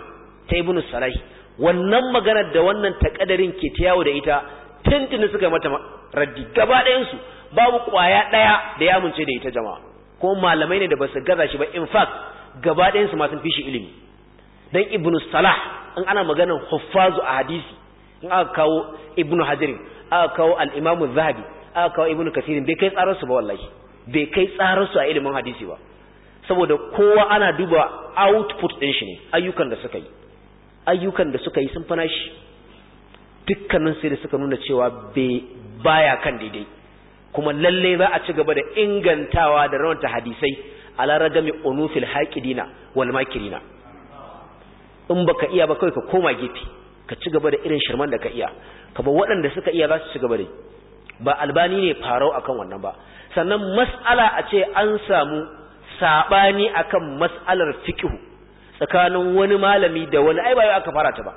Speaker 1: ta salahi wannan maganar da wannan takadarin ke ta yawo da ita tuntuni suka mata raddi gaba ɗayansu babu ƙwaya ɗaya da ya amince da ita jama'a ko malamai ne da basu su gaza shi ba in fact gaba ɗayansu ma sun fi shi ilimi dan ibnu salah in ana maganar huffazu a hadisi in aka kawo ibnu hajarin aka kawo al zahabi aka kawo ibnu kasirin bai kai tsararsu ba wallahi bai kai tsararsu a ilimin hadisi ba saboda kowa ana duba output ɗin shi ne ayyukan da suka yi ayyukan da suka yi sun fana shi dukkanin sai da suka nuna cewa baya kan daidai kuma lalle za a ci gaba da ingantawa da rawanta hadisai ala ragami unufil haqidina wal makirina in baka iya ba kai ka koma gefe ka ci gaba da irin shirman da ka iya ka ba waɗanda suka iya za su ci gaba da ba albani ne farau akan wannan ba sannan mas'ala a ce an samu sabani akan mas'alar fiqh tsakanin wani malami da wani ai ba yau aka fara ta ba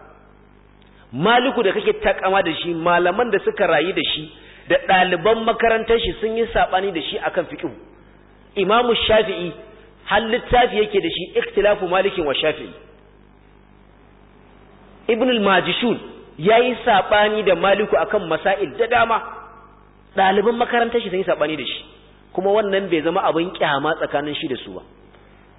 Speaker 1: maliku da kake takama da shi malaman da suka rayu da shi da ɗaliban makarantar shi sun yi saɓani da shi akan fiƙihu imamu shafi'i har littafi yake da shi ikhtilafu malikin wa shafi'i ibn al-majishun ya yi saɓani da maliku akan masail da dama ɗaliban makarantar shi sun yi saɓani da shi kuma wannan bai zama abin kyama tsakanin shi da su ba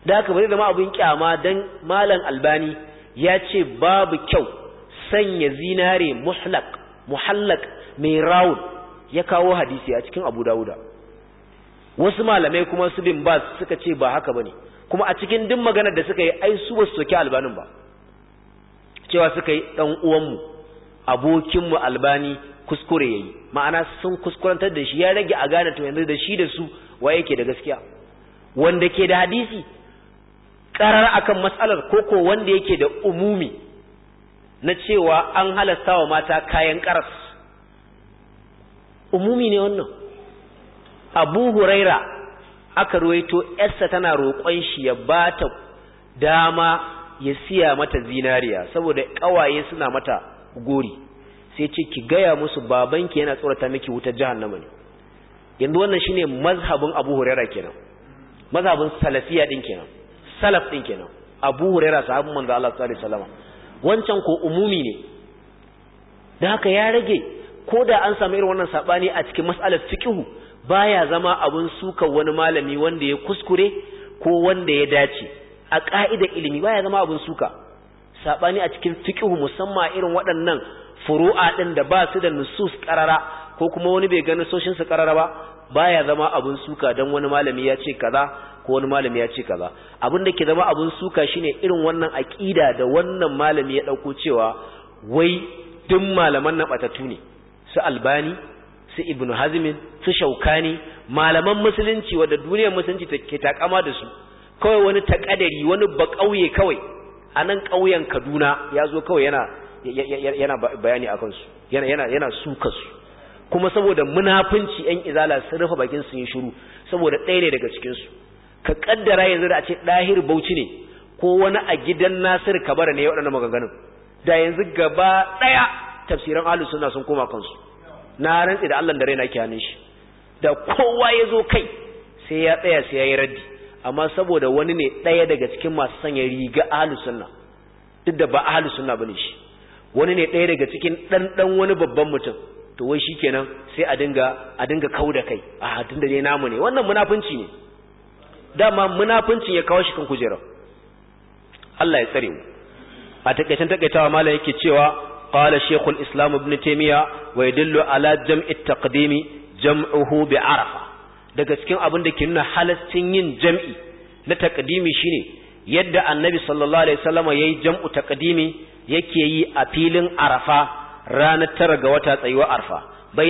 Speaker 1: da haka bai zama abin kyama dan malam albani ya ce babu kyau sanya zinare muhallak muhallak mai rawun ya kawo hadisi a cikin Abu Dawuda wasu malamai kuma su bin bas suka ce ba haka ba ne kuma a cikin duk maganar da suka yi ai su ba su soki albanin ba cewa suka yi dan uwanmu abokinmu albani kuskure yayi ma'ana sun kuskurantar da shi ya rage a gane to yanzu da shi da su waye yake da gaskiya wanda ke da hadisi karar akan matsalar koko wanda yake da umumi na cewa an halasta wa mata kayan karas umumi ne wannan abu huraira aka ruwaito yarsa tana roƙon shi ya ba ta dama ya siya mata zinariya saboda ƙawaye suna mata gori sai ce ki gaya musu babanki yana tsorata miki wutar jahannama ne yanzu wannan shine mazhabin Abu Huraira kenan mazhabin salafiya din kenan salaf din kenan Abu Huraira, sahabin manzo Allah sallallahu wancan ko umumi ne da haka ya rage ko da an samu irin wannan sabani a cikin mas'alar fiqhu baya zama abun sukan wani malami wanda ya kuskure ko wanda ya dace a ka'idar ilimi baya zama abun suka sabani a cikin fiqhu musamman irin waɗannan furu'a din da ba su da nusus qarara ko kuma wani bai gani soshin su karara ba baya zama abun suka dan wani malami ya ce kaza ko wani malami ya ce kaza abin da ke zama abun suka shine irin wannan aqida da wannan malami ya dauko cewa wai duk malaman na batatu ne su albani su ibnu hazmin su shaukani malaman musulunci wadda duniyar musulunci take takama da su kawai wani takadari wani ba kauye kawai a nan ƙauyen kaduna ya zo kawai yana yana bayani akan su yana yana yana suka su kuma saboda munafunci ɗan izala sun rufe bakin sun yi shiru saboda ɗaya ne daga cikin ka kaddara yanzu da a ce ɗahir bauchi ne ko wani a gidan Nasir Kabara ne waɗannan maganganun da yanzu gaba ɗaya tafsiran ahlus sunna sun koma kansu na rantsi da Allah da raina ke hannun shi da kowa ya zo kai sai ya tsaya sai ya yi raddi amma saboda wani ne ɗaya daga cikin masu sanya riga ahlus sunna duk da ba ahlus sunna bane shi wani ne ɗaya daga cikin ɗanɗan wani babban mutum to wai shikenan sai a dinga a dinga kauda kai a tunda ne namu ne wannan munafunci ne dama munafuncin ya kawo shi kan kujerar Allah ya tsare mu a takaitan takaitawa malam yake cewa qala shaykhul islam ibn taymiya wa yadullu ala jam'i taqdimi jam'uhu bi arafa daga cikin abin da ke nuna halastin yin jam'i na taqdimi shine yadda annabi sallallahu alaihi wasallam yayi jam'u taqdimi yake yi a filin arafa ranar tara ga wata tsayuwa arfa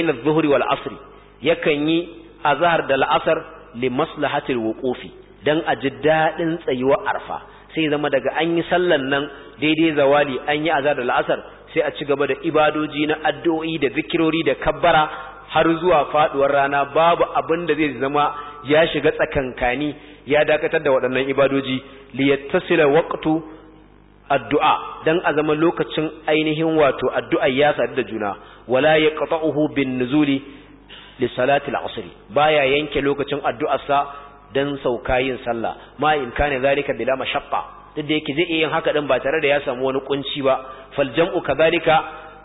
Speaker 1: na zuhri wal asri yakan yi azhar da la'asar li maslahatil wuqufi dan a ji daɗin tsayuwa arfa sai zama daga an yi sallan nan daidai zawali an yi azhar da la'asar sai a ci gaba da ibadoji na addu'o'i da zikirori da kabbara har zuwa faduwar rana babu abin da zai zama ya shiga tsakankani ya dakatar da waɗannan ibadoji li yattasila waqtu addu'a dan a zama lokacin ainihin wato addu'a ya sadu da juna wala ya uhu bin nuzuli li salati al-asr baya yanke lokacin addu'arsa dan sauka yin sallah ma in kana zalika bila mashaqqa duk da yake zai iya yin haka din ba tare da ya samu wani kunci ba fal jam'u kadhalika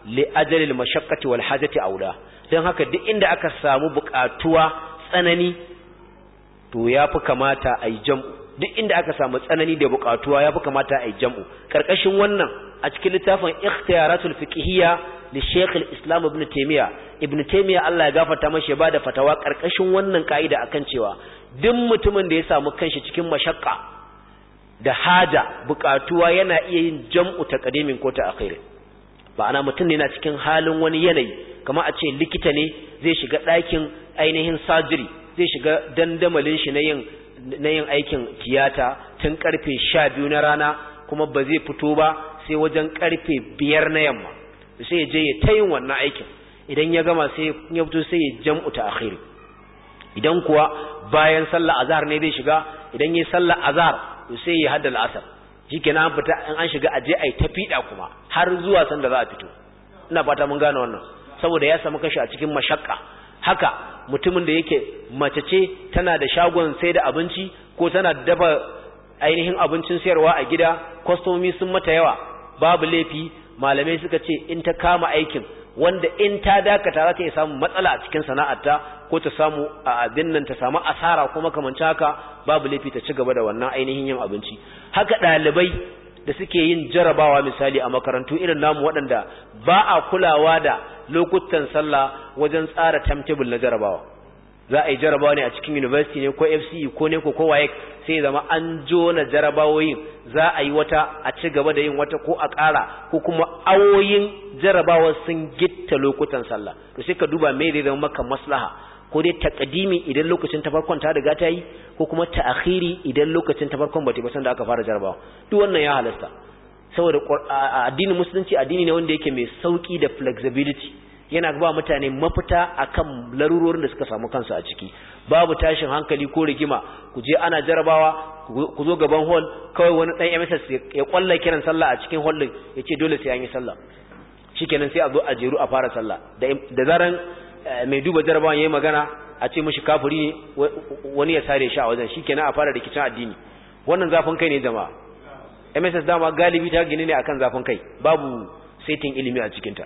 Speaker 1: li ajali al-mashaqqati wal hajati aula dan haka duk inda aka samu buƙatuwa tsanani to ya fi kamata ai jam'u duk inda aka samu tsanani da bukatuwa ya fi kamata a yi jam'u karkashin wannan a cikin littafin ikhtiyaratul fiqhiyya li Sheikh al-islam ibn Taymiyyah ibn Taymiyyah Allah ya gafarta mashi ba da fatawa karkashin wannan kaida akan cewa duk mutumin da ya samu kanshi cikin mashakka da haja bukatuwa yana iya yin jam'u ta taqdimin ko ta akhir ma'ana mutum ne yana cikin halin wani yanayi kamar a ce likita ne zai shiga ɗakin ainihin surgery zai shiga dandamalin shi na yin na yin aikin tiyata tun karfe sha biyu na rana kuma ba zai fito ba sai wajen karfe biyar na yamma sai ya je ya ta yin wannan aikin idan ya gama sai ya fito sai ya jam'u ta akhiri idan kuwa bayan sallah azhar ne zai shiga idan yayi sallah azhar to sai ya hadda al'asar jike an fita in an shiga aje ai ta fida kuma har zuwa sanda za a fito ina fata mun gane wannan saboda ya samu kashi a cikin mashakka haka mutumin da yake mace ce tana da shagon sai da abinci ko tana dafa ainihin abincin sayarwa a gida kwastomi sun mata yawa babu laifi malamai suka ce in ta kama aikin wanda in ta dakata za ta iya samun matsala a cikin sana'arta ko ta samu a abin nan ta samu asara ko makamancin haka babu laifi ta ci gaba da wannan ainihin yin abinci haka ɗalibai da suke yin jarabawa misali a makarantu irin namu waɗanda ba a kulawa da lokutan sallah wajen tsara timetable na jarabawa za a yi jarabawa ne a cikin university ne ko fc ko ne ko kowa yake sai zama an jona jarabawoyin za a yi wata a ci gaba da yin wata ko a ƙara ko kuma awoyin jarabawa sun gitta lokutan sallah to sai ka duba me zai zama maka maslaha ko dai taqdimi idan lokacin ta farkon ta riga ta yi ko kuma ta'khiri idan lokacin ta farkon bata ba san da aka fara jarabawa duk wannan ya halasta saboda addinin musulunci addini ne wanda yake mai sauki da flexibility yana ba mutane mafita akan larurorin da suka samu kansu a ciki babu tashin hankali ko rigima ku je ana jarabawa ku zo gaban hall kawai wani dan MSS ya kwalla kiran sallah a cikin hall ya ce dole sai an yi sallah shikenan sai a zo a jeru a fara sallah da zaran eh, mai duba jarabawan yayi magana a ce mishi kafiri ne wani ya sare shi a wajen shikenan a fara rikicin addini wannan zafin kai ne jama'a MSS dama galibi ta gini ne akan zafin kai babu saitin ilimi a cikinta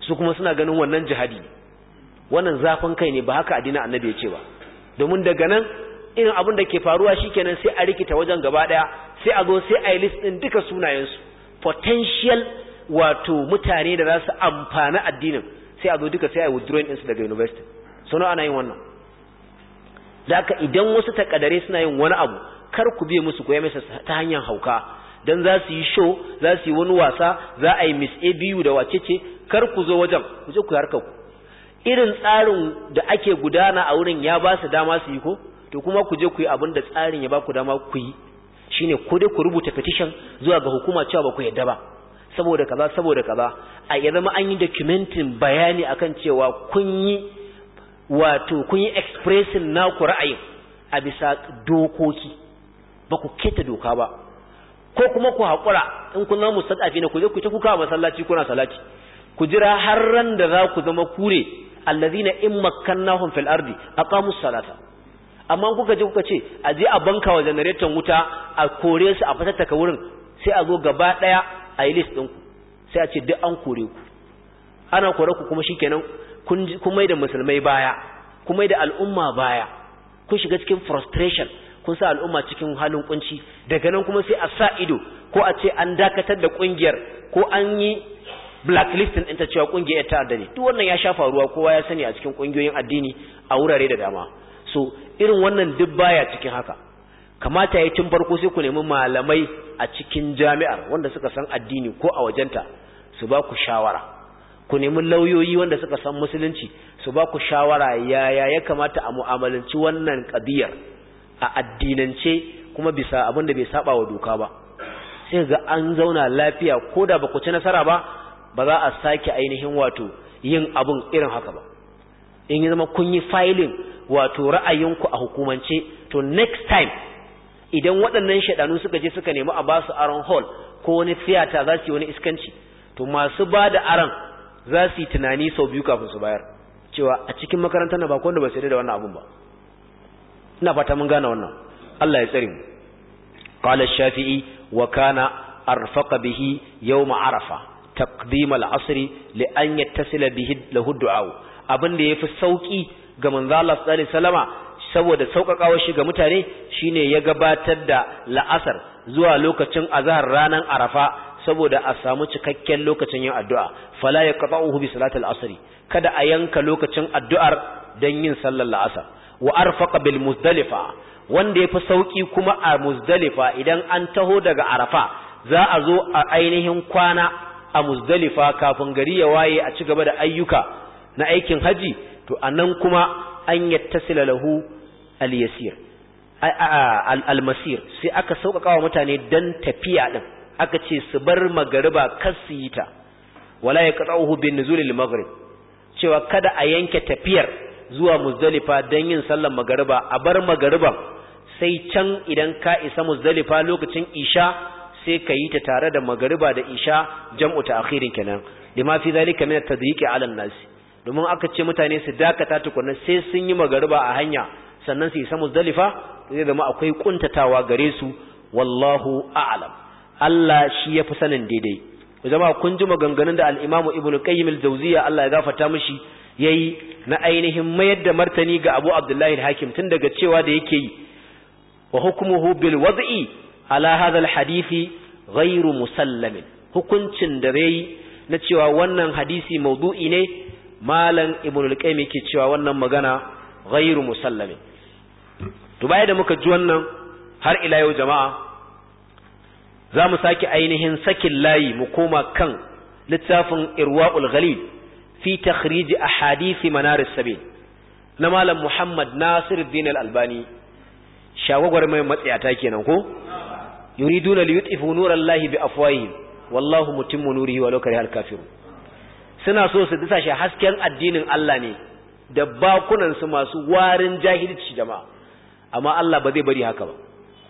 Speaker 1: su kuma suna ganin wannan jihadi wannan zafin kai ne ba haka addinin annabi ya ce ba domin daga nan irin abin da ke faruwa shikenan sai a rikita wajen gaba daya sai a zo sai a list din duka sunayensu potential wato mutane da za su amfana addinin sai a zo duka sai a yi din ɗinsu daga university sono ana yin wannan zaka idan wasu takadare suna yin wani abu kar ku biye musu ko ya ta hanyar hauka dan za su yi show za su yi wani wasa za a yi miss abu da wacece kar ku zo wajen ku je ku harkar ku irin tsarin da ake gudana a wurin ya ba su dama su yi ko to kuma ku je ku yi abin da tsarin ya ba ku dama ku yi shine ko dai ku rubuta petition zuwa ga hukuma cewa ba ku yadda ba saboda kaza saboda kaza a ya zama an yi documentin bayani akan cewa kun yi wato kun yi expressing naku ra'ayin a bisa dokoki ba ku keta doka ba ko kuma ku haƙura in kun zama mustadafi ne ku je ku ta kuka masallaci kuna salati ku jira har ran da za ku zama kure allazina in makkannahum fil ardi aqamu salata amma kuka je kuka ce a je a banka wa generator wuta a kore su a fatattaka wurin sai a zo gaba daya a yi list ɗinku sai a ce duk an kore ku ana kore ku kuma shikenan kun mai da musulmai baya kun da al'umma baya kun shiga cikin frustration kun sa al'umma cikin halin kunci daga nan kuma sai a sa ido ko a ce an dakatar da kungiyar ko an yi blacklisting ta cewa kungiyar ta ne duk wannan ya shafa ruwa kowa ya sani a cikin kungiyoyin addini a wurare da dama so irin wannan duk baya cikin haka kamata ya tun farko sai ku nemi malamai a cikin jami'ar wanda suka san addini ko a wajenta su ba ku shawara ku nemi lauyoyi wanda suka san musulunci su ba ku shawara yaya ya kamata a mu'amalanci wannan ƙabiyar? a addinance kuma bisa abin da bai saba wa doka ba sai ga an zauna lafiya ko da ba ku ci nasara ba ba za a sake ainihin wato yin abun irin haka ba in yi zama kun yi filin wato ra'ayinku a hukumance to next time idan waɗannan shaɗanu suka je suka nemi a basu aron hall ko wani fiyata za su yi wani iskanci to masu ba da aron za su yi tunani sau biyu kafin su bayar cewa a cikin makarantar na ba da ba su da wannan abun ba ina fata mun gane wannan Allah ya tsare mu qala shafi'i wa kana arfaqa bihi yawm arafa taqdim al-asr li an yattasila bihi lahu du'a abin da yafi sauki ga manzo Allah sallallahu alaihi wasallama saboda saukakawa shi ga mutane shine ya gabatar da la'asar zuwa lokacin azhar ranan arafa saboda a samu cikakken lokacin yin addu'a fala yaqta'uhu bi salatil asr kada a yanka lokacin addu'ar dan yin sallar la'asar wa arfaqa bil muzdalifa wanda yafi sauki kuma a muzdalifa idan an taho daga arafa za a zo a ainihin kwana a muzdalifa kafin gari ya waye a ci gaba da ayyuka na aikin haji to anan kuma an yattasila lahu al yasir al masir sai aka sauƙaƙa wa mutane dan tafiya din aka ce su bar magariba kar su yi ta wala yaqta'uhu bin nuzulil maghrib cewa kada a yanke tafiyar zuwa muzdalifa don yin sallar magariba a bar magariban sai can idan ka isa muzdalifa lokacin isha sai ka yi ta tare da magariba da isha jam'u ta akhirin kenan lima fi zalika min at-tadriqi 'ala an-nas domin aka ce mutane su dakata tukunna sai sun yi magariba a hanya sannan su isa muzdalifa zai zama akwai kuntatawa gare su wallahu a'lam Allah shi ya fi sanin daidai zama kun ji maganganun da al-Imam Ibn Qayyim al Allah ya gafarta mishi yayi na ainihin mayar da martani ga Abu Abdullahi hakim tun daga cewa da yake yi wa hukumuhu bil wad'i ala hadisi ghairu musallam hukuncin da yayi na cewa wannan hadisi maudu'i ne malam Ibn al-Qayyim yake cewa wannan magana ghairu musallam to baya da muka ji wannan har ila yau jama'a za mu sake ainihin sakin layi mu koma kan littafin irwa'ul ghalil fi takhriji a hadisi as na malam Muhammad Nasiruddin al-Albani shawagwar mai matsayata kenan ko na li yut'ifu lahi bi afwahihim wallahu mutimmu nurihi wa law karihal kafirun suna so su dasa shi hasken addinin Allah ne da bakunansu masu warin jahilci jama'a amma Allah ba zai bari haka ba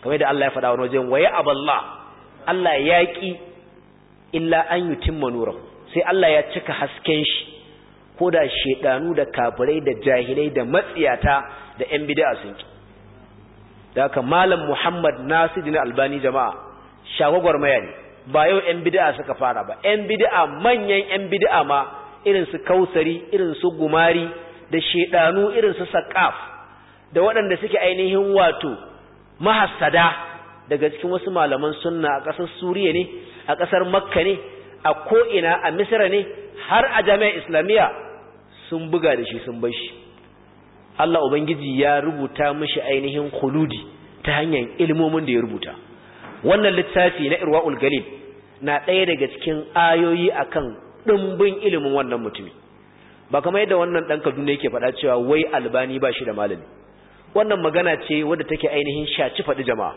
Speaker 1: kamar da Allah ya faɗa wani wajen waye aballah Allah ya illa an yutimma nurahu sai Allah ya cika hasken shi ko da shedanu da kafirai da jahilai da matsiyata da yan bid'a sun ki da haka malam Muhammad na Albani jama'a shagwagwar maya ne ba yau yan bid'a suka fara ba yan bid'a manyan yan bid'a ma irin su Kausari irin su Gumari da shedanu irin su Saqaf da waɗanda suke ainihin wato mahassada daga cikin wasu malaman sunna a ƙasar Suriya ne a ƙasar Makka ne a ko'ina a misira ne har a jami'ar islamiyya sun buga da shi sun bar shi Allah ubangiji ya rubuta mishi ainihin khuludi ta hanyar ilmomin da ya rubuta wannan littafi na irwaul galib na ɗaya daga cikin ayoyi akan ɗimbin ilimin wannan mutumi ba kamar yadda wannan ɗan kaduna yake faɗa cewa wai albani ba shi da malami wannan magana ce wadda take ainihin shaci faɗi jama'a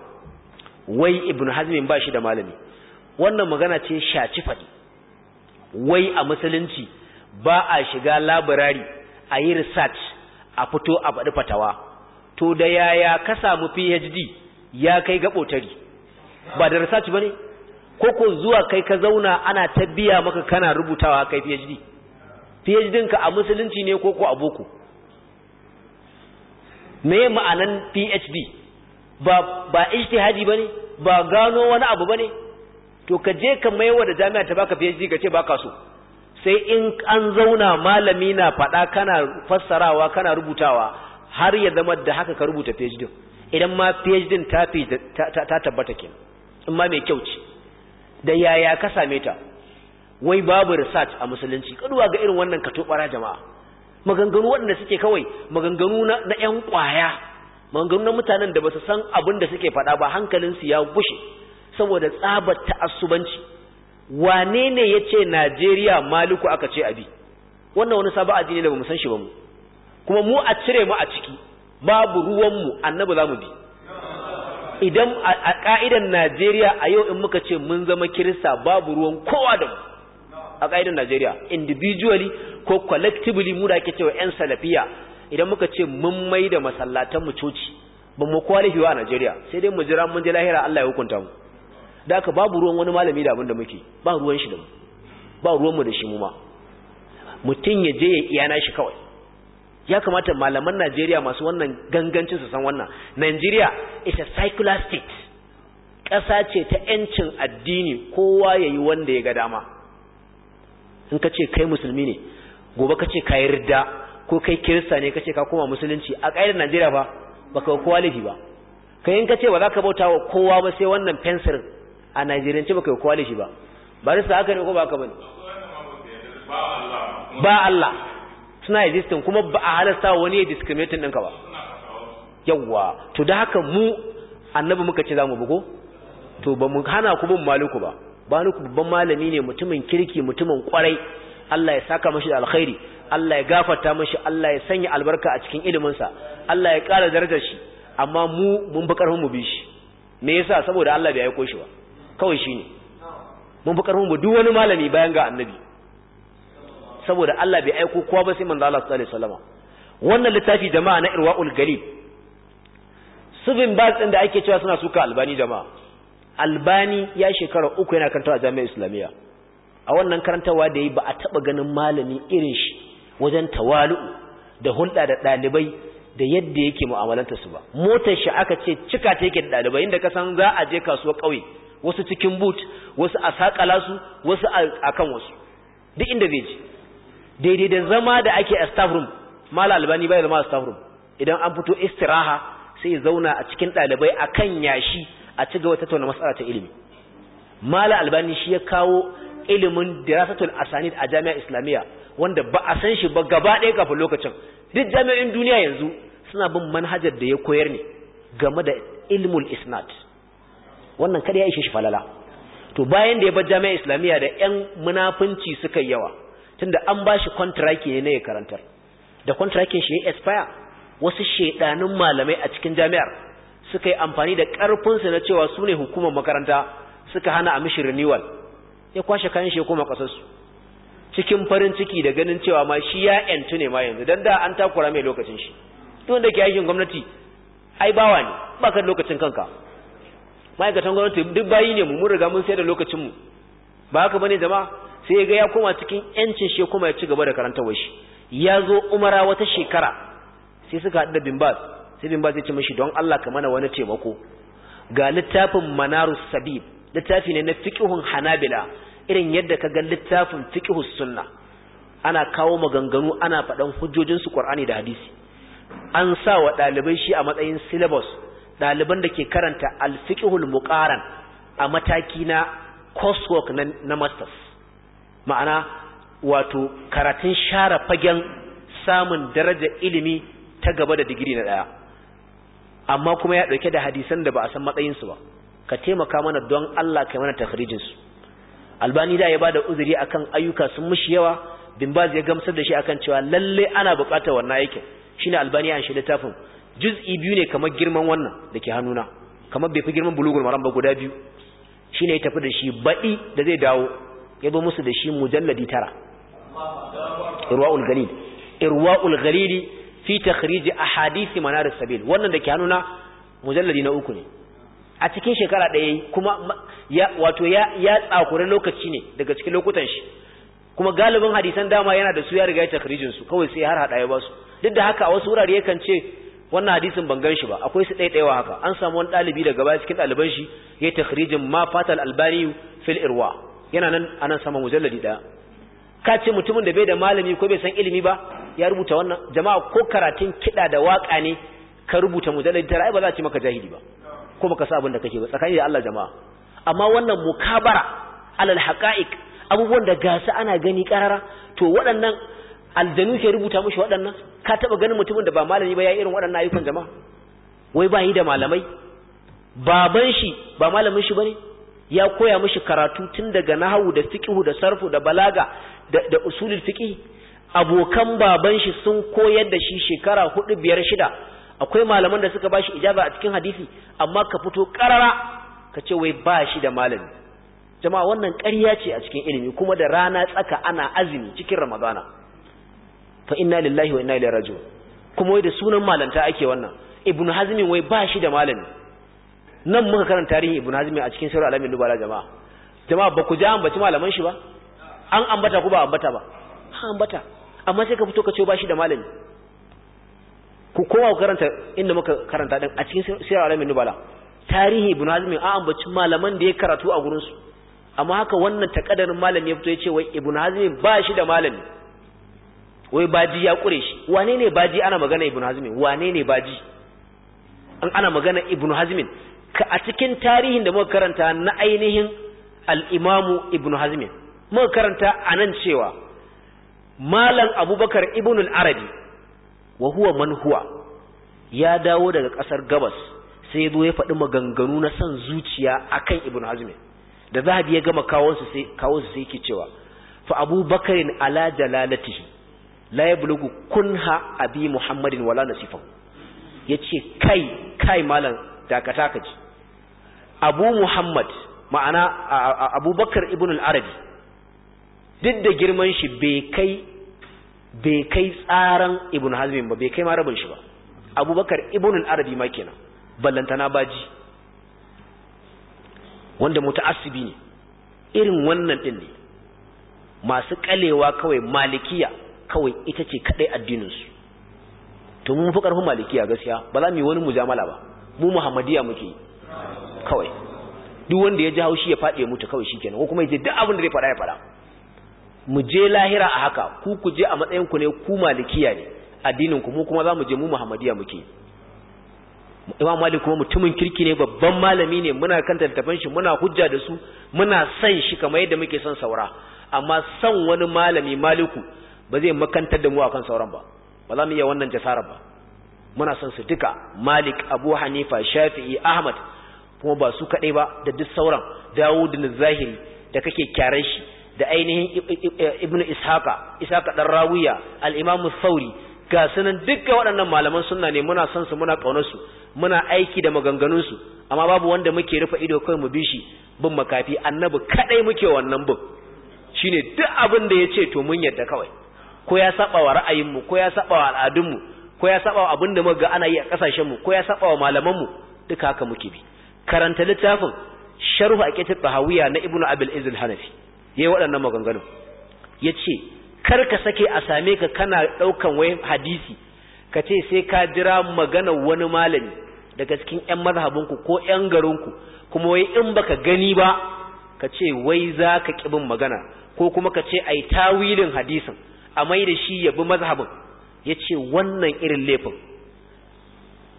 Speaker 1: wai Ibn hazmin ba shi da malami wannan magana ce shaci faɗi wai a musulunci ba a shiga labirari a yi research a fito a faɗi fatawa to da yaya ka samu phd ya kai gaɓotari ba da research ba ne ko zuwa kai ka zauna ana ta biya maka kana rubutawa kai phd phd ka a musulunci ne ko a boko me ma'anan phd ba ba ijtihadi bane ba gano wani abu ba ne? to ka je ka maiwa da jami'a ta baka phd ka ce ba ka so sai in an zauna malami na faɗa kana fassarawa kana rubutawa har ya zama da haka ka rubuta page din idan ma page din ta ta tabbata ke in ma mai kyau ce da yaya ka same ta wai babu research a musulunci kaduwa ga irin wannan katobara jama'a maganganu waɗanda suke kawai maganganu na ƴan ƙwaya maganganu na mutanen da ba su san abin da suke faɗa ba hankalin su ya gushe saboda tsabar ta'assubanci wane ne ya ce najeriya maluku aka ce abi wannan wani sabon addini da ba mu san shi ba mu kuma mu a cire mu a ciki babu ruwanmu annabi za mu bi idan a ka'idan najeriya a yau in muka ce mun zama kirista babu ruwan kowa da mu a ka'idan najeriya individually ko collectively mu da ake cewa 'yan salafiya idan muka ce mun mai da masallatan mu coci ba mu wa a najeriya sai dai mu jira mun je lahira allah ya hukunta mu da aka babu ruwan wani malami da abin da muke ba ruwan shi da mu ba ruwanmu da shi mu ma mutum ya je ya iyana shi kawai ya kamata malaman Najeriya masu wannan gangancin su san wannan Najeriya is a secular state ƙasa ce ta yancin addini kowa ya yi wanda ya ga dama in ka ce kai musulmi ne gobe ka ce ka yarda ko kai kirista ne ka ce ka koma musulunci a ƙa'idar Najeriya ba baka kowa laifi ba kai in ka ce ba za ka bauta wa kowa ba sai wannan fensir. a Najeriya ce baka yi kwale shi ba barista haka ne ko ba ka bane ba Allah suna existing kuma ba a halasta wani ya discriminating ɗinka ba yawwa to da haka mu annabi muka ce za mu bugo to ba mu hana ku bin maluku ba maliku babban malami ne mutumin kirki mutumin kwarai Allah ya saka mashi da alkhairi Allah ya gafarta mashi Allah ya sanya albarka a cikin iliminsa Allah ya ƙara darajar shi amma mu mun bi ƙarfin mu bi shi me yasa saboda Allah bai aiko shi ba kawai shi ne mun bukar karfin budu duk wani malami bayan ga annabi saboda Allah bai aiko kowa ba sai manzo Allah sallallahu alaihi wasallam wannan littafi jama'a na irwaul galib subin bas din da ake cewa suna suka albani jama'a albani ya shekara uku yana karanta a jami'ar islamiyya a wannan karantawa da yi ba a taba ganin malami irin shi wajen tawalu da hulɗa da ɗalibai da yadda yake mu'amalantar su ba motar shi aka ce cika ta yake da ɗalibai inda ka san za a je kasuwar ƙauye wasu cikin but, wasu a sakala su wasu a kan wasu duk inda zai ji daidai da zama da ake a staff room mallam albani bai zama a staff room idan an fito istiraha sai ya zauna a cikin ɗalibai a kan yashi a ci gaba tattauna matsala ta ilimi mallam albani shi ya kawo ilimin dirasatul asanid a jami'a islamiyya wanda ba a san shi ba gaba ɗaya kafin lokacin duk jami'in duniya yanzu suna bin manhajar da ya koyar ne game da ilmul isnad wannan kada ya ishe shi falala to bayan da ya bar jami'a islamiya da yan munafunci suka yi yawa tunda an ba shi contract ne ya karantar da kontrakin shi ya expire wasu shedanin malamai a cikin jami'ar suka yi amfani da karfin su na cewa su ne hukumar makaranta suka hana a mishi renewal ya kwashe kayan shi ya koma kasar su cikin farin ciki da ganin cewa ma shi ya yantu ne ma yanzu dan da an takura mai lokacin shi duk wanda ke aikin gwamnati ai bawa ne baka lokacin kanka ma'aikatan gwamnati duk bayi ne mu mun riga mun sai da lokacin mu ba haka bane jama'a sai ga ya koma cikin yancin shi kuma ya ci gaba da karantawar shi ya zo umara wata shekara sai suka haɗu da bimbaz sai bimbaz ya ce mashi don Allah ka mana wani taimako ga littafin Manaru sabib littafi ne na fiqhun hanabila irin yadda ka ga littafin fiqhus sunna ana kawo maganganu ana faɗan hujjojin su qur'ani da hadisi an sa wa ɗalibai shi a matsayin syllabus ɗaliban da ke karanta alfiqhul muƙaran a mataki na coursework na masters ma'ana wato karatun share fagen samun darajar ilimi ta gaba da digiri na ɗaya amma kuma ya ɗauke da hadisan da ba a san matsayinsu ba ka taimaka mana don Allah kai mana takhrijinsu albani da ya ba da uzuri akan ayyuka sun mushi yawa bin baz ya gamsar da shi akan cewa lalle ana buƙatar wannan aikin shine albani an shi littafin juz'i biyu ne kamar girman wannan da ke hannuna kamar bai fi girman bulugul maram ba guda biyu shi ne ya tafi da shi baɗi da zai dawo ya zo musu da shi mujalladi tara irwa'ul galil irwa'ul galili fi takhrij ahadisi manar sabil wannan da ke hannuna mujalladi na uku ne a cikin shekara ɗaya kuma ya wato ya ya lokaci ne daga cikin lokutan shi kuma galibin hadisan dama yana da su ya riga ya takhrijin su kawai sai har hada ya ba su duk da haka a wasu wurare yakan ce wannan hadisin ban gan shi ba akwai su ɗaiɗaiwa haka an samu wani ɗalibi daga baya cikin ɗaliban shi ya takhrijin ma fatal albani fil irwa yana nan anan sama mujalladi ɗaya ka ce mutumin da bai da malami ko bai san ilimi ba ya rubuta wannan jama'a ko karatun kiɗa da waka ne ka rubuta mujalladi tara ai ba za a ce maka jahili ba ko baka sa abin da kake ba tsakani da Allah jama'a amma wannan mukabara alal haqa'iq abubuwan da gasa ana gani karara to waɗannan aljanu ke rubuta mushi waɗannan ka taɓa ganin mutumin da ba malami ba ya irin waɗannan ayyukan jama'a wai ba yi da malamai baban shi ba malamin shi bane ya koya mushi karatu tun daga nahawu da fiqhu da sarfu da balaga da, da usulul fiqh abokan baban shi sun koyar da shi shekara hudu biyar shida akwai malaman da suka bashi ijaba a cikin hadisi amma ka fito karara ka ce wai ba shi da malami jama'a wannan ƙarya ce a cikin ilimi kuma da rana tsaka ana azumi cikin ramadana fa inna lillahi wa inna ilaihi raji'un kuma wai da sunan malanta ake wannan ibnu hazmi wai ba shi da malami nan muka karanta tarihin ibnu hazmi a cikin sura alamin dubara jama'a jama'a ba ku ji ambaci malaman shi ba an ambata ku ba ambata ba an ambata amma sai ka fito ka ce ba shi da malami ku kowa ku karanta inda muka karanta din a cikin sura alamin dubara tarihi ibnu hazmi an ambaci malaman da ya karatu a gurin su amma haka wannan takaddarin malami ya fito ya ce wai ibnu hazmi ba shi da malami wai baji ya kure shi wane ne baji ana magana ibnu hazmin wane ne baji an ana magana ibnu hazmin ka a cikin tarihin da muka karanta na ainihin al-imamu ibnu hazmin muka karanta anan cewa malam abubakar ibnu al-arabi wa huwa man huwa ya dawo daga kasar gabas sai ya zo ya faɗi maganganu na san zuciya akan ibnu hazmin da zahabi ya gama kawo su sai kawo su sai yake cewa fa abubakarin ala jalalatihi la yablugu kunha abi muhammadin wala Ya yace kai kai malam dakata kaji abu muhammad ma'ana abubakar ibn al-arabi duk da girman shi bai kai bai kai tsaran ibn hazmin ba bai kai ma rabin shi ba abubakar ibn al-arabi ma kenan ballantana baji wanda muta'assibi ne irin wannan din ne masu kalewa kawai malikiya kawai ita ce kadai addininsu to mun fi karfin malikiya gaskiya ba za mu yi wani mujamala ba mu muhammadiya muke kawai duk wanda ya ji haushi ya faɗi ya mutu kawai shikenan ko kuma ya je duk abin da zai faɗa ya faɗa mu je lahira a haka ku ku je a matsayin ku ne ku malikiya ne addinin ku mu kuma za mu je mu muhammadiya muke imam malik kuma mutumin kirki ne babban malami ne muna kan tattafan shi muna hujja da su muna san shi kamar yadda muke son saura amma san wani malami maliku ba zai makantar da mu akan sauran ba ba za mu iya wannan jasara ba muna son su duka malik abu hanifa shafi'i ahmad kuma ba su kaɗai ba da duk sauran dawud na zahiri da kake kyaran shi da ainihin Ibn ishaqa ishaqa dan rawiya al-imam sauri ga sunan duka waɗannan malaman sunna ne muna son su muna ƙaunar su muna aiki da maganganun su amma babu wanda muke rufe ido kai mu bishi bin makafi annabi kadai muke wannan bin shine duk abin da ce to mun yadda kawai ko ya saba wa ra'ayinmu ko ya saba wa al'adunmu ko ya saba wa abin da muka ga ana yi a ƙasashenmu ko ya saba wa malamanmu duka haka muke bi karanta littafin sharhu aqidat bahawiya na ibnu abil izil hanafi yayi waɗannan maganganu yace kar ka sake a same ka kana ɗaukan wai hadisi ka ce sai ka jira magana wani malami daga cikin ƴan mazhabinku ko ƴan garinku kuma wai in baka gani ba ka ce wai za ka ƙi bin magana ko kuma ka ce ai tawilin hadisin a mai da shi ya bi mazhabin ya ce wannan irin laifin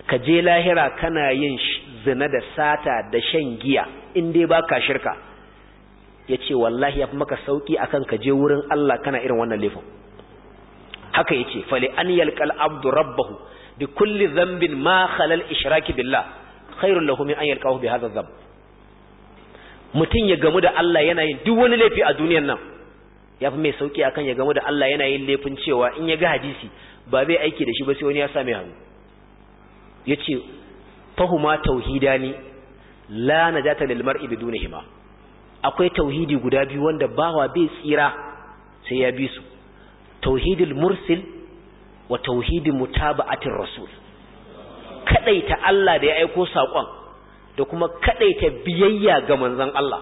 Speaker 1: ka je lahira kana yin zina da sata da shan giya in dai ba ka shirka ya ce wallahi ya fi maka sauƙi kan ka je wurin Allah kana irin wannan laifin haka ya ce fali an yalƙal abdu rabbahu bi kulli zambin ma khalal ishraki billah khairun lahu min an yalqahu bi hadha zamb Mutum ya gamu da Allah yana yin duk wani laifi a duniyar nan ya fi mai sauki akan ya gamu da Allah yana yin laifin cewa in ya ga hadisi ba zai aiki da shi ba sai wani ya same hannu ya ce fahuma tauhida ni la na najata ibidu na hima. akwai tauhidi guda biyu wanda bawa bai tsira sai ya bi su Tauhidin mursil wa tauhidi ba'atin rasul kadaita Allah da ya aiko saƙon, da kuma kadaita biyayya ga manzan Allah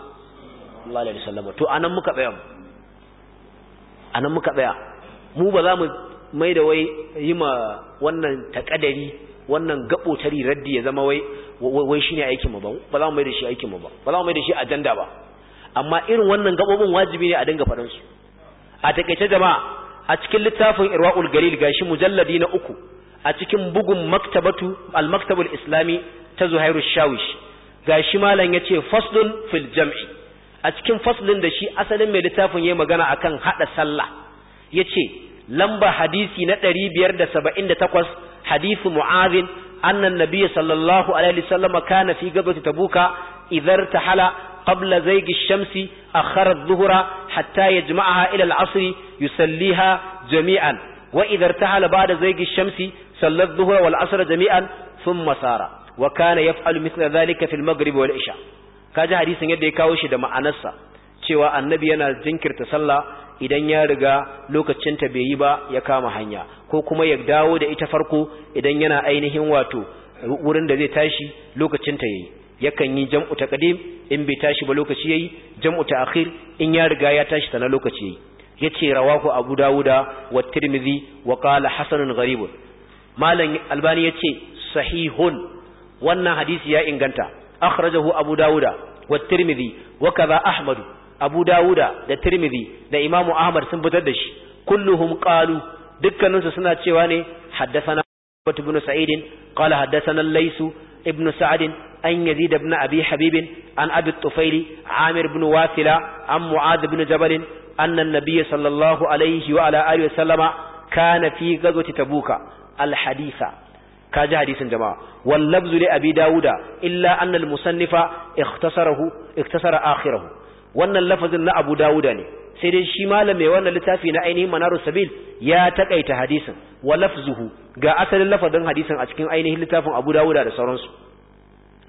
Speaker 1: sallallahu alaihi wasallam to anan muka tsaya a nan muka tsaya mu ba za mu mai da wai yi ma wannan takadari wannan gaɓotari raddi ya zama wai wai shine aikin ba ba za mu mai da shi aikinmu ba ba za mu mai da shi ajanda ba amma irin wannan gabobin wajibi ne a dinga faɗin su a takeice jama'a a cikin littafin irwaul galil gashi mujalladi na uku a cikin bugun maktabatu al maktabul islami ta zuhairu shawish gashi malam yace faslun fil jam'i a cikin faslin da shi asalin mai littafin ya magana a kan haɗa sallah ya ce lambar hadisi na ɗari biyar da 578 hadisi mu'azin annan nabi sallallahu alaihi sallama kana fi ta buka idar ta hala qabla zaigi shamsi akhar dhuhra hatta yajma'aha ila al-asr yusalliha jami'an wa idar ta hala ba'da zaigi shamsi sallat dhuhra wal asr jami'an thumma sara wa kana yaf'alu mithla dhalika fi al-maghrib wal isha Ka ji hadisin yadda ya kawo shi da ma'anarsa cewa annabi yana jinkirta sallah idan ya riga lokacin ta bai yi ba ya kama hanya ko kuma ya dawo da ita farko idan yana ainihin wato wurin da zai tashi lokacinta ta yayi yakan yi jam'u ta ƙadim in bai tashi ba lokaci yayi jam'u ta akhir in ya riga ya tashi ta na lokaci yayi yace rawahu abu dawuda wa tirmidhi wa qala hasanun Garibu. malam albani ya ce sahihun wannan hadisi ya inganta akhrajahu abu Dawuda wa tirmidhi wa kaza Ahmadu abu Dawuda da tirmidhi da imamu ahmad sun fitar da shi kulluhum qalu dukkaninsu suna cewa ne haddathana ibn sa'id qala haddathana laysu ibn sa'd an yazid bin abi Habibin an abi tufaili amir ibn wasila an mu'ad ibn jabal anna an-nabiy sallallahu alayhi wa sallama kana fi ghazwati tabuka al-haditha ka ji hadisin jama'a wallabzu li abi dauda illa anna al musannifa ikhtasarahu ikhtasara akhirahu wannan lafazin na abu dauda ne sai dai shi malam wannan littafi na ainihin manarus sabil ya takaita hadisin wa ga asalin lafazin hadisin a cikin ainihin littafin abu dawuda da sauransu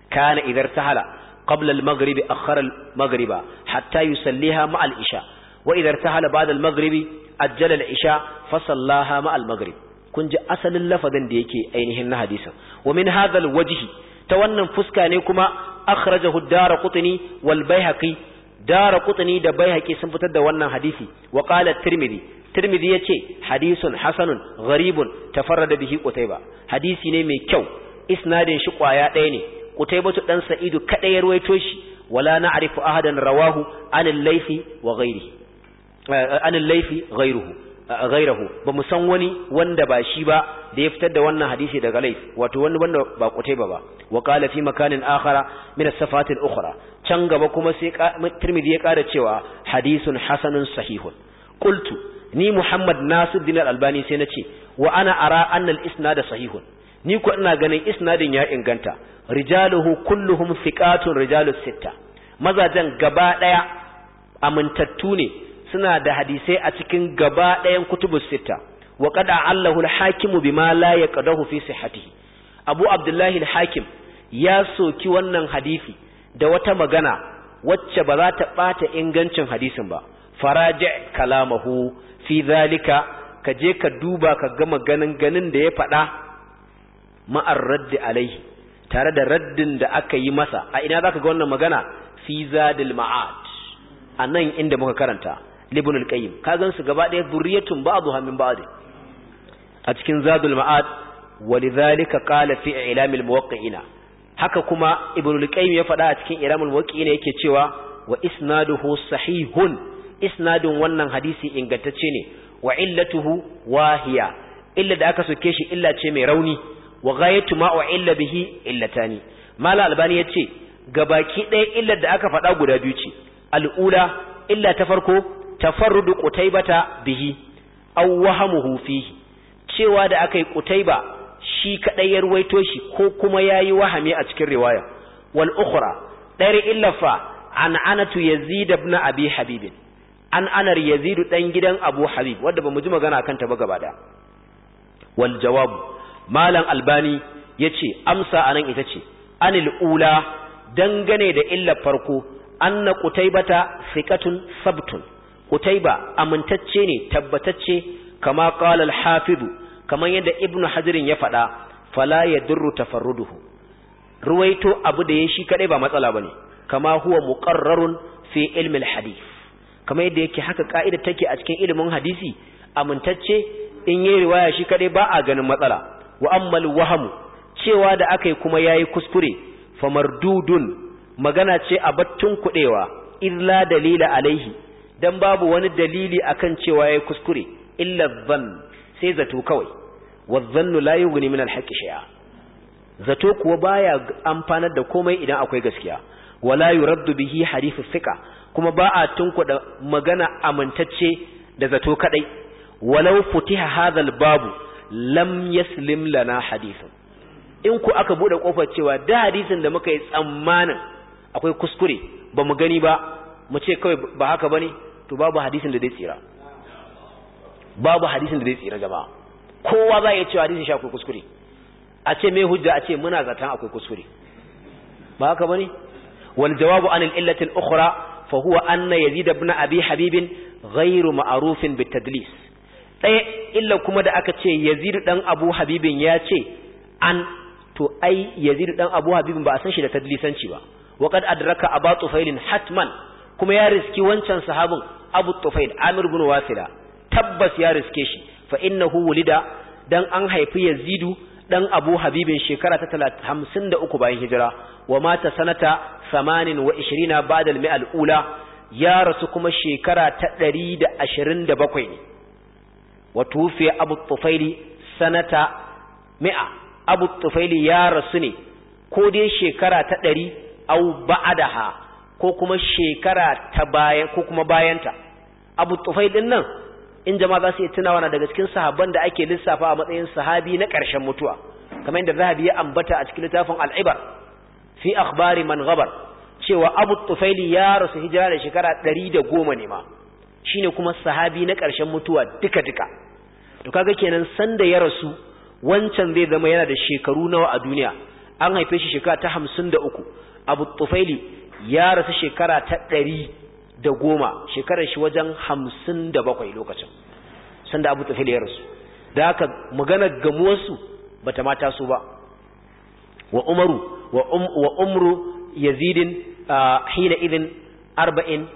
Speaker 1: kana idar tahala qabla al maghribi akhara al maghriba hatta yusalliha ma al isha wa idar tahala ba'da al maghribi ajjala al isha fa sallaha ma al maghrib kun ji asalin lafazin da yake ainihin na hadisin wa min hadhal wajhi ta wannan fuska ne kuma akhrajahu ad-daraqutni wal baihaqi daraqutni da baihaqi sun fitar da wannan hadisi wa qala tirmidhi tirmidhi yace hadisun hasanun gharibun tafarrada bihi qutayba hadisi ne mai kyau isnadin shi kwaya ɗaya ne to dan sa'idu kada ya ruwaito shi wala na'rifu ahadan rawahu an al-laythi wa ghayrihi eh, an al-laythi ghayruhu ghairahu ba mu san wani wanda ba shi ba da ya fitar da wannan hadisi daga lais wato wani wanda ba kutaiba ba wa qala fi makanin akhara min as-safat ukhra can gaba kuma sai tirmidhi ya kara cewa hadisun hasanun sahihun qultu ni muhammad nasiruddin al-albani sai nace wa ana ara anna al-isnad sahihun ni ko ina ganin isnadin ya inganta rijaluhu kulluhum thiqatun rijalus sitta mazajan gaba daya amintattu ne suna da hadisai a cikin gaba ɗayan kutubus sita wa qad allahu al-hakim bima la yaqdahu fi sihhatihi abu abdullahi al-hakim ya soki wannan hadisi da wata magana wacce ba za ta bata ingancin hadisin ba faraji kalamahu fi zalika ka je ka duba ka ga maganin ganin da ya faɗa ma'ar raddi alaihi tare da raddin da aka yi masa a ina zaka ga wannan magana fi zadil ma'ad a inda muka karanta libn al-qayyim ka gansu gaba ba zurriyatun ba'dha min ba'd a cikin zadul ma'ad walidhalika qala fi a al-muwaqqi'ina haka kuma ibn al ya faɗa a cikin i'lam al yake cewa wa isnaduhu sahihun isnadin wannan hadisi ingantacce ne wa illatuhu wahiya illa da aka soke shi illa ce mai rauni wa ghayatu ma wa illa bihi illatani mala albani ce gabaki ɗaya illar da aka faɗa guda biyu ce al'ula illa ta farko tafarrudu ƙutaibata bihi aw wahamuhu fihi cewa da akai qutayba shi kadai ya ruwaito shi ko kuma yayi wahami a cikin riwaya wal ukhra illa fa an anatu yazid ibn abi habib an anar yazid dan gidan abu habib wanda bamu ji magana kan ta ba gaba da wal jawab malam albani yace amsa anan ita ce anil ula dangane da illar farko anna qutaybata thiqatun sabtun kutaiba amintacce ne tabbatacce kama qala al-Hafiz kaman yadda Ibnu Hajarin ya faɗa fala yadurru tafarruduhu ruwaito abu da yayi shi kadai ba matsala bane kama huwa muqarrarun fi ilmi al-hadith kama yadda yake haka ka'ida take a cikin ilimin hadisi amintacce in yayi riwaya shi kadai ba a ganin matsala wa ammal wahamu cewa da akai kuma yayi kuskure famardudun magana ce a battun kudewa illa dalila alaihi dan babu wani dalili akan cewa yayi kuskure illa dhann sai zato kawai wadhannu la yughni min alhaqqi shay'a zato kuwa baya amfanar da komai idan akwai gaskiya wala yuraddu bihi hadithu thiqa kuma ba a tunkuda magana amintacce da zato kadai walau futiha hadha albabu lam yaslim lana hadithun in ku aka bude kofar cewa da hadisin da muka yi tsammanin akwai kuskure ba mu gani ba mu ce kawai ba haka bane to babu hadisin da zai tsira babu hadisin da zai tsira jama'a kowa za ya ce hadisin shi akwai kuskure a ce me hujja a ce muna zaton akwai kuskure ba haka bane wal jawabu an illati al ukhra fa huwa anna yazid ibn abi Habibin. ghayru ma'rufin bit tadlis ɗaya illa kuma da aka ce yazid dan abu habibin ya ce an to ai yazid dan abu habibin ba a san shi da tadlisanci ba wa qad adraka aba tufailin hatman kuma ya riski wancan sahabin Abu Tufail Amir bin Wasila tabbas ya riske shi fa innahu wulida dan an haifi Yazidu dan Abu Habibin shekara ta 53 bayan hijira wa mata sanata 28 ba'da al-mi'a al-ula ya rasu kuma shekara ta 127 ne wa tufiya Abu Tufaili sanata mi'a Abu Tufaili ya rasu ne ko dai shekara ta 100 au ba'adaha ko kuma shekara ta baya ko kuma bayanta abu tufai din nan in jama'a za su iya tunawa na daga cikin sahabban da ake lissafa a matsayin sahabi na ƙarshen mutuwa kamar yadda zahabi ya ambata a cikin littafin al'ibar fi akhbari man ghabar cewa abu tufaili ya rasu hijira da shekara ɗari da goma ne ma shine kuma sahabi na ƙarshen mutuwa duka duka to kaga kenan sanda ya rasu wancan zai zama yana da shekaru nawa a duniya an haife shi shekara ta hamsin da uku abu tufaili ya rasu shekara ta ɗari da goma shekarar shi wajen hamsin da bakwai lokacin sanda abu tafiya ya rasu da aka magana gamuwarsu ba ta mata su ba wa umaru wa um, umru yazidin hina irin arba'in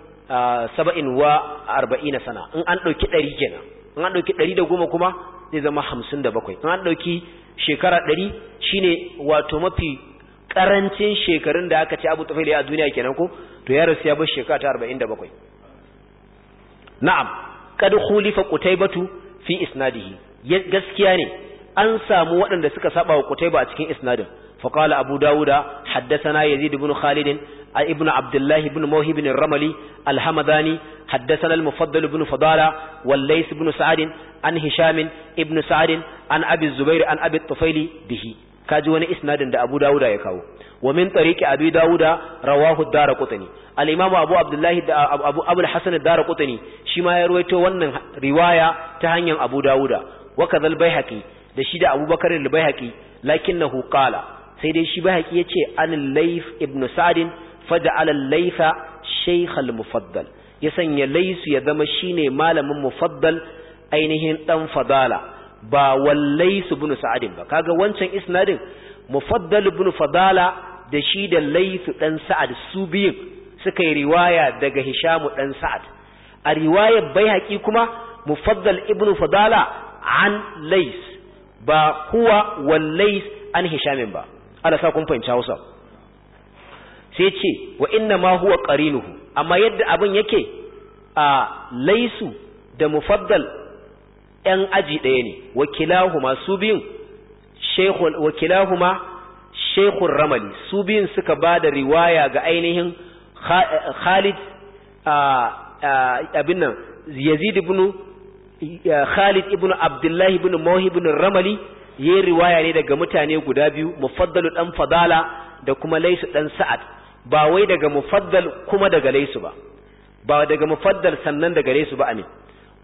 Speaker 1: saba'in wa arba'in na sana in an ɗauki ɗari kenan in an ɗauki ɗari da goma kuma zai zama hamsin da bakwai in an ɗauki shekara ɗari shine wato mafi karancin shekarun da aka ce abu tafiliya a duniya kenan ko to ya rasu ya bar shekara ta arba'in da bakwai na'am kada hulifa kutai batu fi isnadihi gaskiya ne an samu waɗanda suka saba wa kutai ba cikin isnadin fakala abu dawuda haddasa na yazid ibn khalidin a ibn abdullahi ibn mawhi ibn ramali Alhamazani, haddasa na almufaddal ibn fadala wallais ibn sa'adin an hishamin ibn sa'adin an abi zubair an abi tufaili bihi kaji wani isnadin da Abu Dawuda ya kawo wa min tariqi Abi Dawuda rawahu Daraqutni al-Imam Abu Abdullah da Abu Abul Hasan Daraqutni shi ma ya ruwaito wannan riwaya ta hanyar Abu Dawuda wa kadhal Baihaqi da shi da Abubakar al-Baihaqi lakinnahu qala sai dai shi Baihaqi yace an Layth ibn Sa'd faja'ala Laytha shaykh al-mufaddal ya sanya laisu ya zama shine malamin mufaddal ainihin dan fadala ba wallai su bin sa'adin ba kaga wancan isnadin mufaddal ibn fadala da shi da laisu ɗan sa'ad su biyun suka yi riwaya daga hishamu ɗan sa'ad a riwayar bai haƙi kuma mufaddal ibnu fadala an lais ba huwa wallai an hishamin ba ana sa kun fahimci Hausa sai ce wa inna ma huwa ƙarinuhu amma yadda abin yake a laisu da mufaddal ‘yan aji ɗaya ne, wakilahuma su biyun, wakilahuma shekun ramali, su biyun suka ba da riwaya ga ainihin Khalid abin nan, Yazid ibn Khalid ibn Abdullahi ibn Mawhi ibn Ramali ya riwaya ne daga mutane guda biyu, mufaddalu ɗan fadala da kuma laisu ɗan sa'ad, ba wai daga mufaddal kuma daga laisu ba, ba daga mufaddal sannan daga laisu ba amin.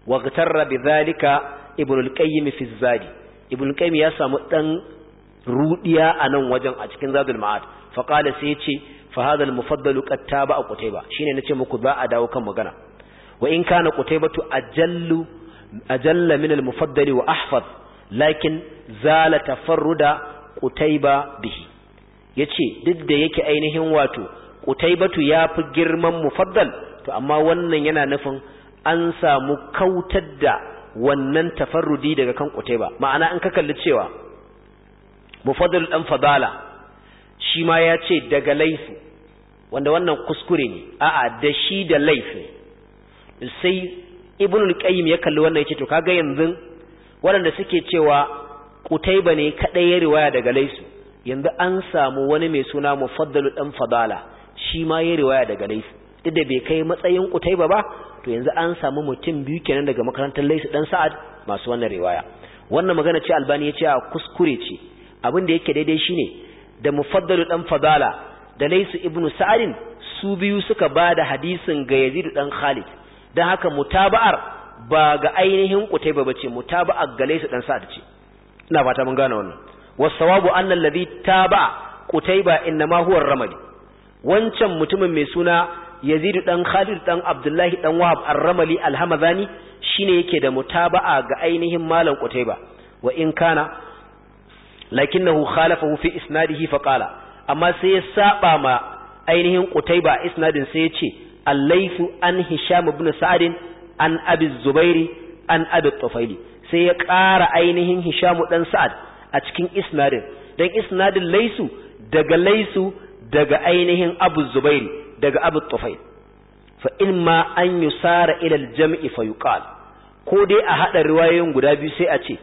Speaker 1: wa gtarra bidhalika ibn al-qayyim fi zadi ibn al-qayyim ya samu dan rudiya anan wajen a cikin zadul ma'ad fa qala sai yace fa hadha al-mufaddal qad taba qutayba shine nace muku za a dawo kan magana wa in kana qutaybatu ajallu ajalla min al-mufaddal wa ahfad lakin zala tafarruda qutayba bihi yace duk da yake ainihin wato qutaybatu yafi girman mufaddal to amma wannan yana nufin an samu kautar da wannan tafarrudi daga kan Qutayba ma'ana in ka kalli cewa mufadul dan Fadala shi ma ya ce daga laifi wanda wannan kuskure ne a'a da shi da laifi sai Ibn al-Qayyim ya kalli wannan yake to kaga yanzu waɗanda suke cewa Qutayba ne kadai ya riwaya daga laifi yanzu an samu wani mai suna Mufaddal dan Fadala shi ma ya riwaya daga laifi duk da bai kai matsayin Qutayba ba to yanzu an samu mutum biyu kenan daga makarantar Laisu dan Sa'ad masu wannan riwaya wannan magana ce Albani ya ce a kuskure ce abin da yake daidai shine da Mufaddalu dan Fadala da Laisu ibnu Sa'adin su biyu suka ba da hadisin ga Yazid dan Khalid dan haka mutaba'ar ba ga ainihin Kutaiba bace mutaba'ar ga Laisu dan Sa'ad ce ina fata mun gane wannan wasawabu an alladhi taba Kutaiba inma huwa ramadi wancan mutumin mai suna yazidu ɗan khalid ɗan abdullahi dan wahab ar-ramali al-hamazani shine yake da mutaba'a ga ainihin malam qutayba wa in kana lakinnahu khalafahu fi isnadihi fa qala amma sai ya saba ma ainihin qutayba isnadin sai ya ce al-laythu an hisham ibn sa'd an abi zubairi an abi tufaili sai ya ƙara ainihin hisham ɗan sa'ad a cikin isnadin dan isnadin laisu daga laisu daga ainihin abu zubairi daga abu tufail fa in ma an yusara ila ilal jami fa yuqal ko dai a hada riwayoyin guda biyu sai a ce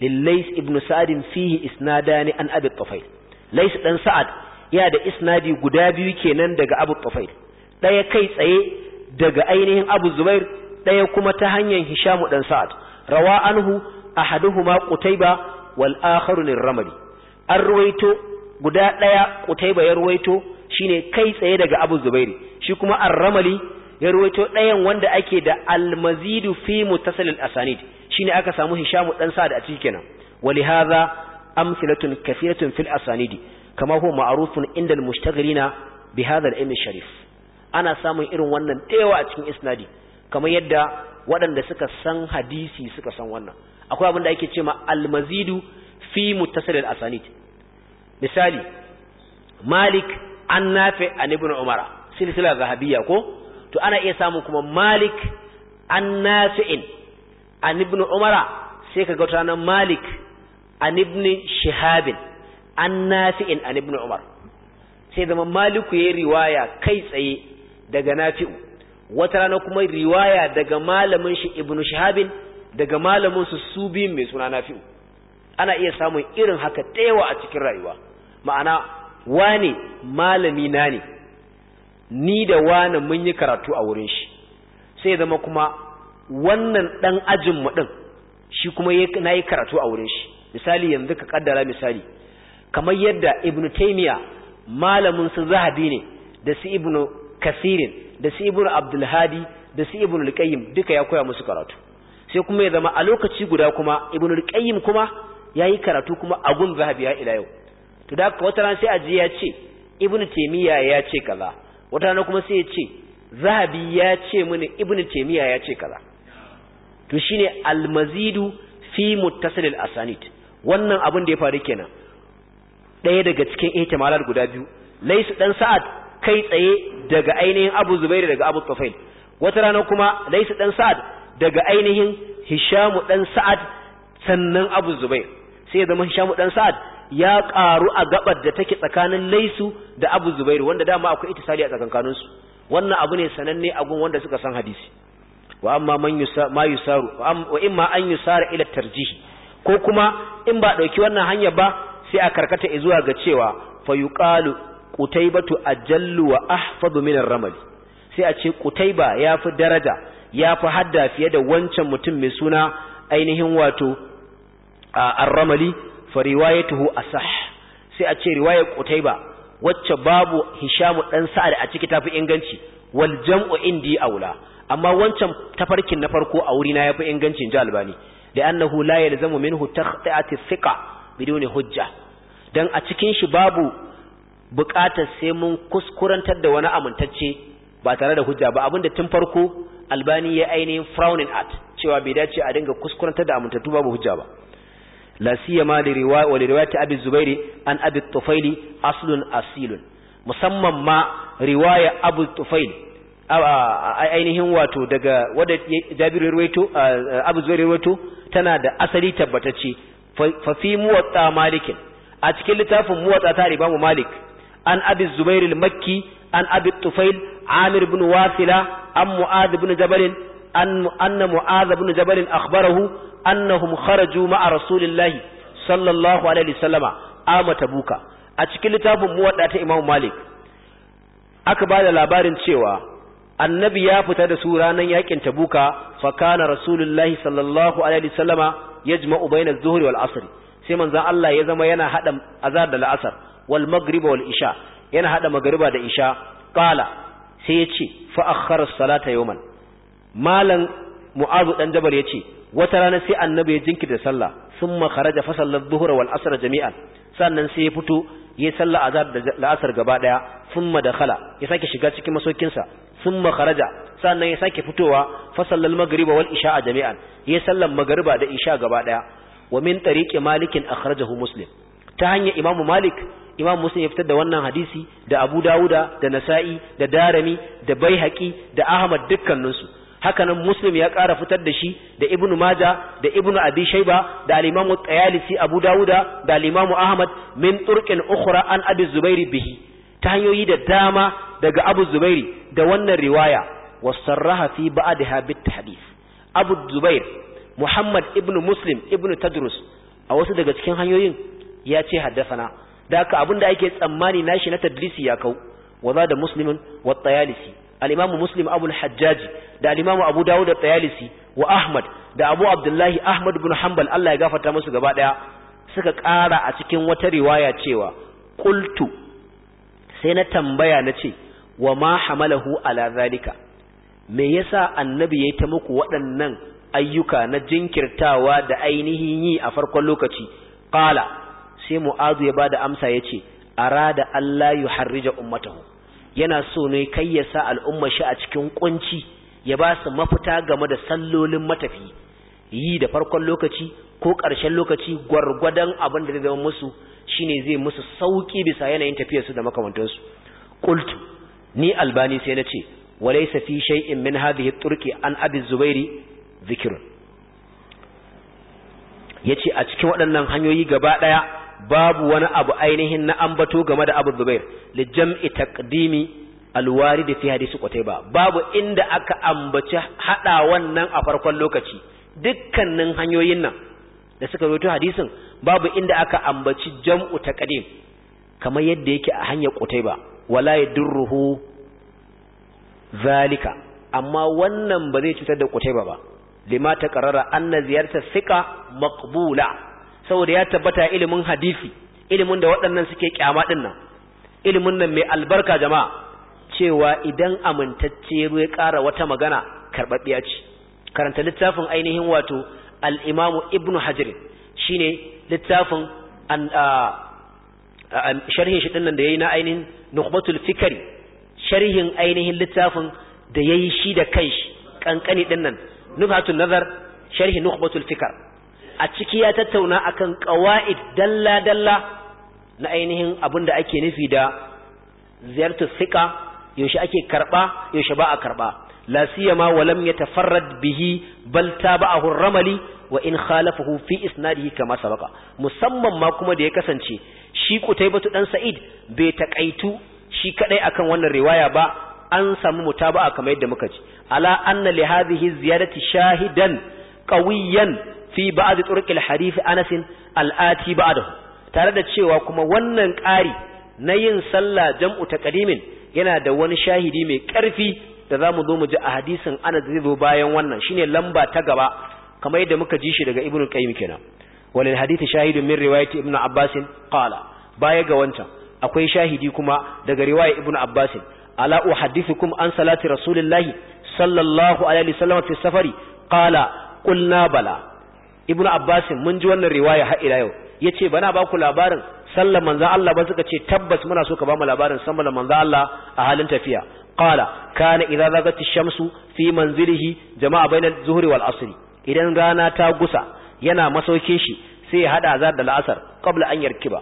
Speaker 1: lillays ibn sa'd fihi isnadani an abi tufail lays dan sa'ad ya da isnadi guda biyu kenan daga abu tufail daya kai tsaye daga ainihin abu zubair daya kuma ta hanyar hishamu dan sa'ad rawa anhu ahaduhuma qutayba wal akharu ar-ramli an ruwaito guda daya qutayba ya ruwaito shine kai tsaye daga Abu Zubairu shi kuma Ar-Ramali ya ruwaito ɗayan wanda ake da Al-Mazidu fi muttasil al-asanid shine aka samu Hishamu dan Sa'd a ciki kenan walihaza amsalatun kafiratun fil asanid kama huwa ma'rufun inda al-mushtaghilina bi hadha al-ilm sharif ana samun irin wannan dayawa a cikin isnadi kamar yadda waɗanda suka san hadisi suka san wannan akwai abin da ake cewa al-mazidu fi muttasil al-asanid misali malik an nafi an ibn umar silsila zahabiyya ko to ana iya samu kuma malik an nafi'in an ibn umara sai ka ta nan malik an ibn shihabin an nafi'in an ibn umar sai zama maliku yayi riwaya kai tsaye daga nafi'u wata rana kuma riwaya daga malamin shi ibn shihabin daga malamin su su biyun mai suna nafi'u ana iya samun irin haka tayawa a cikin rayuwa ma'ana wane malami na ne ni da wane mun yi karatu a wurin shi sai zama kuma wannan ɗan ajin mu din shi kuma na yi karatu a wurin shi misali yanzu ka kaddara misali kamar yadda ibnu taymiya malamin su zahabi ne da su ibnu kasirin da su ibnu abdulhadi da su ibnu alqayyim duka ya koya musu karatu sai kuma ya zama a lokaci guda kuma ibnu alqayyim kuma yayi karatu kuma a gun zahabi ya ila yau to da wata ran sai aji ya ce ibnu taymiya ya ce kaza wata ran kuma sai ya ce zahabi ya ce mini ibnu taymiya ya ce kaza to shine almazidu fi muttasil al-asanid wannan abin da ya faru kenan Daya daga cikin ihtimalar guda biyu laisu dan sa'ad kai tsaye daga ainihin abu zubairu daga abu tufail wata ran kuma laisu dan sa'ad daga ainihin hishamu dan sa'ad sannan abu zubair sai ya zama hishamu dan sa'ad ya ƙaru a gabar da take tsakanin laisu da abu zubairu wanda dama akwai itisali a tsakankaninsu wannan abu ne sananne a gun wanda suka san hadisi wa amma man yusa ma yusaru wa imma an yusara ila tarjihi ko kuma in ba dauki wannan hanya ba sai a karkata zuwa ga cewa fa yuqalu qutaybatu ajallu wa ahfadu min ar ramal sai a ce qutayba yafi daraja yafi hadda fiye da wancan mutum mai suna ainihin wato ar Ramali. fa riwayatuhu asah sai a ce riwayar qutayba wacce babu hishamu dan sa'ad a ciki tafi inganci wal jam'u indi aula amma wancan tafarkin na farko a wuri na yafi ingancin ji albani annahu la yalzamu minhu taqti'ati thiqa biduni hujja dan a cikin shi babu buƙatar sai mun kuskurantar da wani amintacce ba tare da hujja ba abinda tun farko albani ya ainihin frowning at cewa bai dace a dinga kuskurantar da amintattu babu hujja ba la siyama li riwaya wa riwayati abi zubairi an abi tufaili aslun asilun musamman ma riwaya abu tufaili ainihin wato daga wadda jabiru ruwaito abu zubairi ruwaito tana da asali tabbatacce fa fi muwatta malikin a cikin littafin muwatta ta riba mu malik an abi zubairi makki an abi tufail amir ibn wasila an mu'adh ibn jabal أن أن معاذ بن جبل أخبره annahum kharaju ma'a rasulillahi sallallahu alaihi wasallama ama tabuka a cikin littafin muwadda ta Imam Malik aka bada labarin cewa annabi ya fita da su ranan yakin tabuka fa kana rasulullahi sallallahu alaihi wasallama yajma'u baina adh-dhuhri wal asr sai manzon Allah ya zama yana hada azar da la'asar wal maghrib wal isha yana hada magriba da isha qala sai ya ce fa akhkhara as-salata yawman malam mu'azu dan ya ce wata rana sai annabi ya jinki da sallah sun kharaja fa sallat dhuhra wal asr jami'an sannan sai ya fito yi sallah azhar da la'asar gaba daya summa dakhala ya sake shiga cikin masaukinsa sun makaraja sannan ya sake fitowa fasallar magariba maghriba a jami'a jami'an yayi sallar magariba da isha gaba daya wa min tariqi malikin akhrajahu muslim ta hanyar imamu malik imam muslim ya fitar da wannan hadisi da abu dawuda da nasa'i da darami da baihaqi da ahmad dukkaninsu hakanan muslim ya ƙara fitar da shi da ibnu maja da ibnu abi shaiba da al tayalisi abu dawuda da al ahmad min turkin ukhra an abi zubairi bihi ta hanyoyi da dama daga abu zubairi da wannan riwaya wasarraha fi ba'daha bit hadith abu zubair muhammad ibnu muslim ibnu tadrus a wasu daga cikin hanyoyin ya ce na da haka abinda ake tsammani nashi na tadlisi ya kau wa da muslimin wa tayalisi al-imam muslim abul da al abu dawud da tayalisi wa ahmad da abu abdullahi ahmad ibn hanbal Allah ya ga musu masu gabaɗaya suka ƙara a cikin wata riwaya cewa qultu sai na tambaya na ce wa ma hamalahu ala zalika me yasa annabi yayi ta muku waɗannan ayyuka na jinkirtawa da ainihin yi a farkon lokaci Ƙala sai mu'azu ya bada amsa ya yace arada Allah yuharrija ummatahu yana so ne kai ya sa al'umma shi a cikin kunci ya ba su mafita game da sallolin matafi yi da farkon lokaci ko ƙarshen lokaci gwargwadon abin da zai zama musu shine zai musu sauƙi bisa yanayin tafiyarsu da makamantansu qultu ni albani sai nace walaysa fi shay'in min ya turke an abi zubairi zikrun yace a cikin waɗannan hanyoyi gaba daya babu wani abu ainihin na ambato game da Abu Zubair li jam'i taqdimi alwarid fi hadisi Qutayba babu inda aka ambaci hada wannan a farkon lokaci dukkanin hanyoyin nan da suka rawaito hadisin babu inda aka ambaci jam'u taqdim kamar yadda yake a hanyar kutaiba wala yadurruhu zalika amma wannan ba zai cutar da kutaiba ba lima taqarrara anna ziyartar thiqa maqbula saboda ya tabbata ilimin hadisi ilimin da waɗannan suke kyama ɗin nan ilimin nan mai albarka jama'a cewa idan amintacce ya ƙara wata magana karɓaɓɓiya ce karanta littafin ainihin wato al-imamu ibnu hajar shine littafin sharhin shi dinnan da yi na ainihin nukhbatul sharhin ainihin littafin da yayi shi da kanshi kankani nan, nubhatun nazar sharhin nukhbatul a ciki ya tattauna akan qawaid dalla dalla na ainihin abin da ake nufi da ziyartar siƙa yaushe ake karɓa yaushe ba a karba la siyama wa lam yatafarrad bihi bal tabahu ramali wa in khalafahu fi isnadihi kama sabaka musamman ma kuma da ya kasance shi kutaybatu dan sa'id bai taƙaitu shi kadai akan wannan riwaya ba an samu mutaba'a kamar yadda muka ji ala anna li hadhihi ziyadati shahidan qawiyan fi ba'd turqil hadith Anas al-ati ba'dahu tare da cewa kuma wannan ƙari na yin sallah jam'u taqdimin yana da wani shahidi mai ƙarfi da zamu zo mu ji a hadisin Anas zai zo bayan wannan shine lamba ta gaba kamar yadda muka ji shi daga Ibn Qayyim kenan walil hadith shahidu min riwayati Ibn Abbas qala baya ga wancan akwai shahidi kuma daga riwaya Ibn Abbas ala uhaddithukum an salati rasulillahi sallallahu alaihi wasallam fi safari qala qulna bala ibnu abbas mun ji wannan riwaya har ila yau ce bana ba ku labarin sallar manza Allah ba suka ce tabbas muna so ka ba mu labarin sallar manzan Allah a halin tafiya qala kana idza zagat ash-shamsu fi manzilihi jama'a bainal zuhri wal asr idan rana ta gusa yana masaukin shi sai ya hada azar da la'asar qabla an yarkiba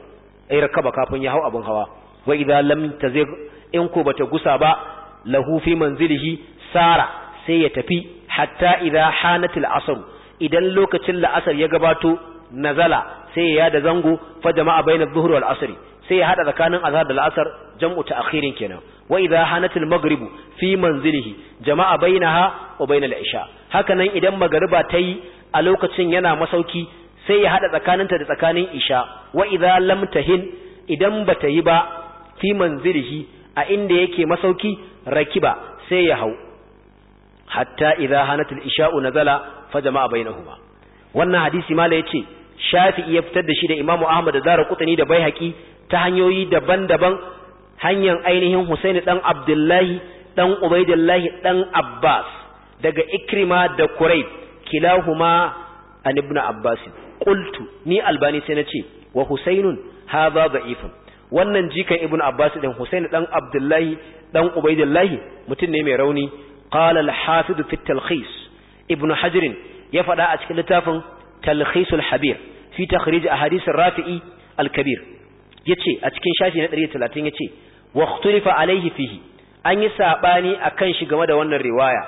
Speaker 1: ay rakaba kafin ya hau abun hawa wa idza lam tazig in ko bata gusa ba lahu fi manzilihi sara sai ya tafi hatta idza hanatil asr idan lokacin la'asar ya gabato nazala sai ya yada zango fa jama'a bainar zuhur wal asri sai ya hada tsakanin azhar da la'asar jam'u ta'khirin kenan wa idha hanat al fi manzilihi jama'a bainaha wa bainal isha haka nan idan magariba ta yi a lokacin yana masauki sai ya hada tsakaninta da tsakanin isha wa idha lam tahin idan bata yi ba fi manzilihi a inda yake masauki rakiba sai ya hau hatta idha hanat al isha'u nazala fa jama'a bainahuma wannan hadisi mala yace shafi'i ya fitar da shi da imamu ahmad da zara kutani da baihaqi ta hanyoyi daban-daban hanyar ainihin husaini dan abdullahi dan ubaidillahi dan abbas daga ikrima da kurai kilahuma an ibn abbas qultu ni albani sai nace wa husainun hadha da'ifun wannan jikan ibn abbas din husaini dan abdullahi dan ubaidullahi mutum ne mai rauni qala al-hafiz fi talkhis ibnu hajirin ya faɗa a cikin littafin talhisul habir fi takhrij hadisin rafi'i al-kabir yace a cikin shafi na 130 yace wa ikhtalifa alayhi fihi an yi sabani akan shi game da wannan riwaya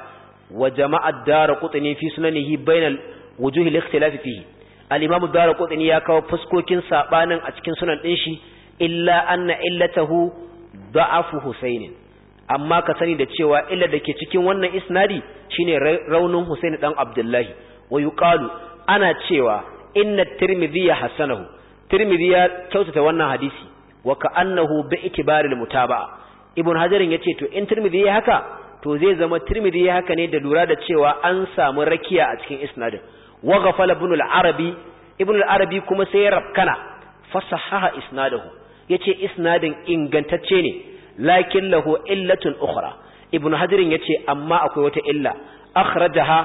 Speaker 1: wa jama'ad darqutni fi sunanihi bainal wujuhi al-ikhtilaf fihi al-imam darqutni ya kawo fuskokin sabanin a cikin sunan din shi illa anna illatahu da'afu husainin amma ka sani da cewa illa da ke cikin wannan isnadi shine raunin Husaini dan Abdullahi wa yuqalu ana cewa inna Tirmidhi ya hasanahu Tirmidhi ya kyautata wannan hadisi wa ka'annahu bi itibaril mutaba'a Ibn Hajarin yace to in Tirmidhi ya haka to zai zama Tirmidhi ya haka ne da lura da cewa an samu rakiya a cikin isnadin wa ghafala Ibn al-Arabi Ibn al-Arabi kuma sai ya rafkana fasahaha isnadahu yace isnadin ingantacce ne lakin lahu illatun ukhra ibn hadirin ya ce amma akwai wata illa akhrajaha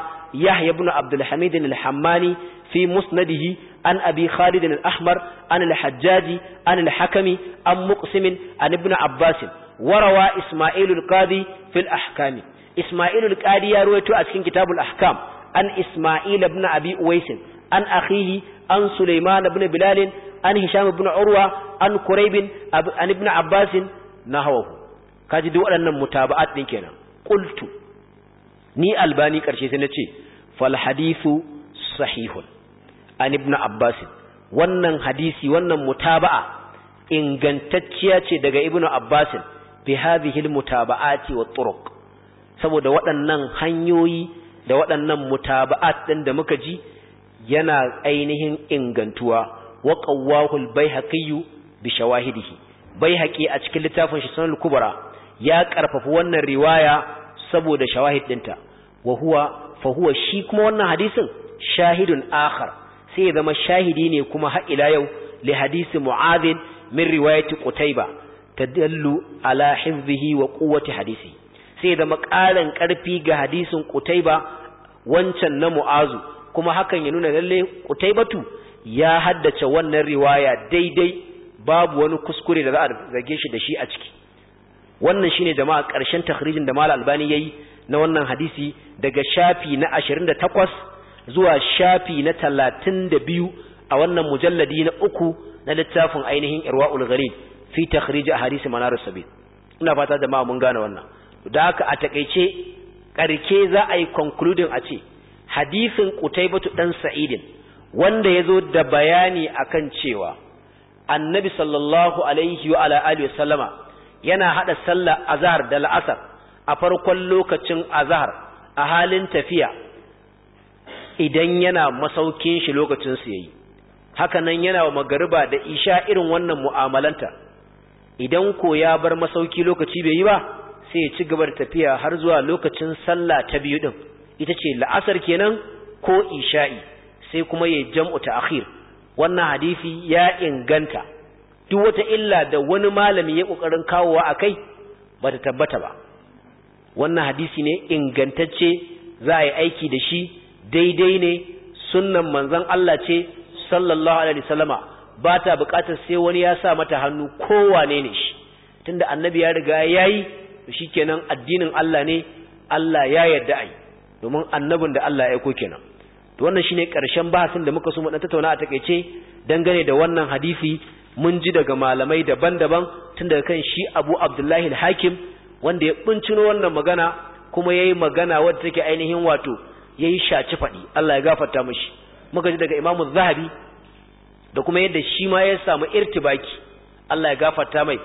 Speaker 1: yahya ibn abdul hamid al-hammani fi musnadihi an abi khalid al-ahmar an al-hajjaji an al-hakami an muqsim an ibn abbas warawa isma'il al-qadi fi al-ahkam isma'il al-qadi ya ruwaito a cikin kitabul ahkam an isma'il ibn abi uwais an akhihi an sulaiman ibn bilal an hisham ibn urwa an quraib an ibn abbas nahawahu kaji duk waɗannan mutaba'at din kenan qultu ni albani karshe sai nace fal hadithu sahihun an ibn abbas wannan hadisi wannan mutaba'a ingantacciya ce daga ibn abbas bi hadhihi al mutaba'ati wat turuq saboda waɗannan hanyoyi da waɗannan mutaba'at ɗin da muka ji yana ainihin ingantuwa wa qawwahul bayhaqi bi shawahidihi bayhaqi a cikin littafin shi sunan kubra ya karfafi wannan riwaya saboda shawahid dinta wa huwa fa huwa shi kuma wannan hadisin shahidun akhar sai ya zama shahidi ne kuma har ila yau li hadisi mu'adhin min riwayati qutayba tadallu ala hifzihi wa quwwati hadisi sai ya zama ƙarin ƙarfi ga hadisin qutayba wancan na mu'azu kuma hakan ya nuna lalle qutaybatu ya haddace wannan riwaya daidai babu wani kuskure da za a zage shi da shi a ciki wannan shine jama'a ƙarshen takhrijin da Malam Albani yayi na wannan hadisi daga shafi na 28 zuwa shafi na 32 a wannan mujalladi na uku na littafin ainihin Irwaul Ghalib fi takhrij ahadith manar sabil ina fata jama'a mun gane wannan da haka a takeice karke za a yi concluding a ce hadisin Qutaybatu dan Sa'idin wanda yazo da bayani akan cewa Annabi sallallahu alaihi wa ala alihi wasallama yana hada sallar azhar da la'asar a farkon lokacin azhar a halin tafiya idan yana masaukin shi lokacin su yayi haka yana wa magariba da isha irin wannan mu'amalanta idan ko ya bar masauki lokaci bai yi ba sai ya ci gaba da tafiya har zuwa lokacin sallah ta biyu din ita ce la'asar kenan ko isha'i sai kuma ya jam'u ta'khir wannan hadisi ya inganta duk wata illa da wani malami ya ƙoƙarin kawowa akai ba ta tabbata ba wannan hadisi ne ingantacce za a yi aiki da shi daidai ne sunnan manzon Allah ce sallallahu alaihi wasallama ba ta buƙatar sai wani ya sa mata hannu kowane ne shi tunda annabi ya riga ya yayi shikenan addinin Allah ne Allah ya yarda ai domin annabin da Allah ya aiko kenan to wannan shine karshen bahasin da muka so mu dan tattauna a takeice dangane da wannan hadisi mun ji daga malamai daban-daban tun daga kan shi Abu Abdullahi al-Hakim wanda ya bincino wannan magana kuma yayi magana wadda take ainihin wato yayi shaci faɗi. Allah ya gafarta mishi muka ji daga Imam Zahabi da kuma yadda shi ma ya samu irtibaki Allah ya gafarta mai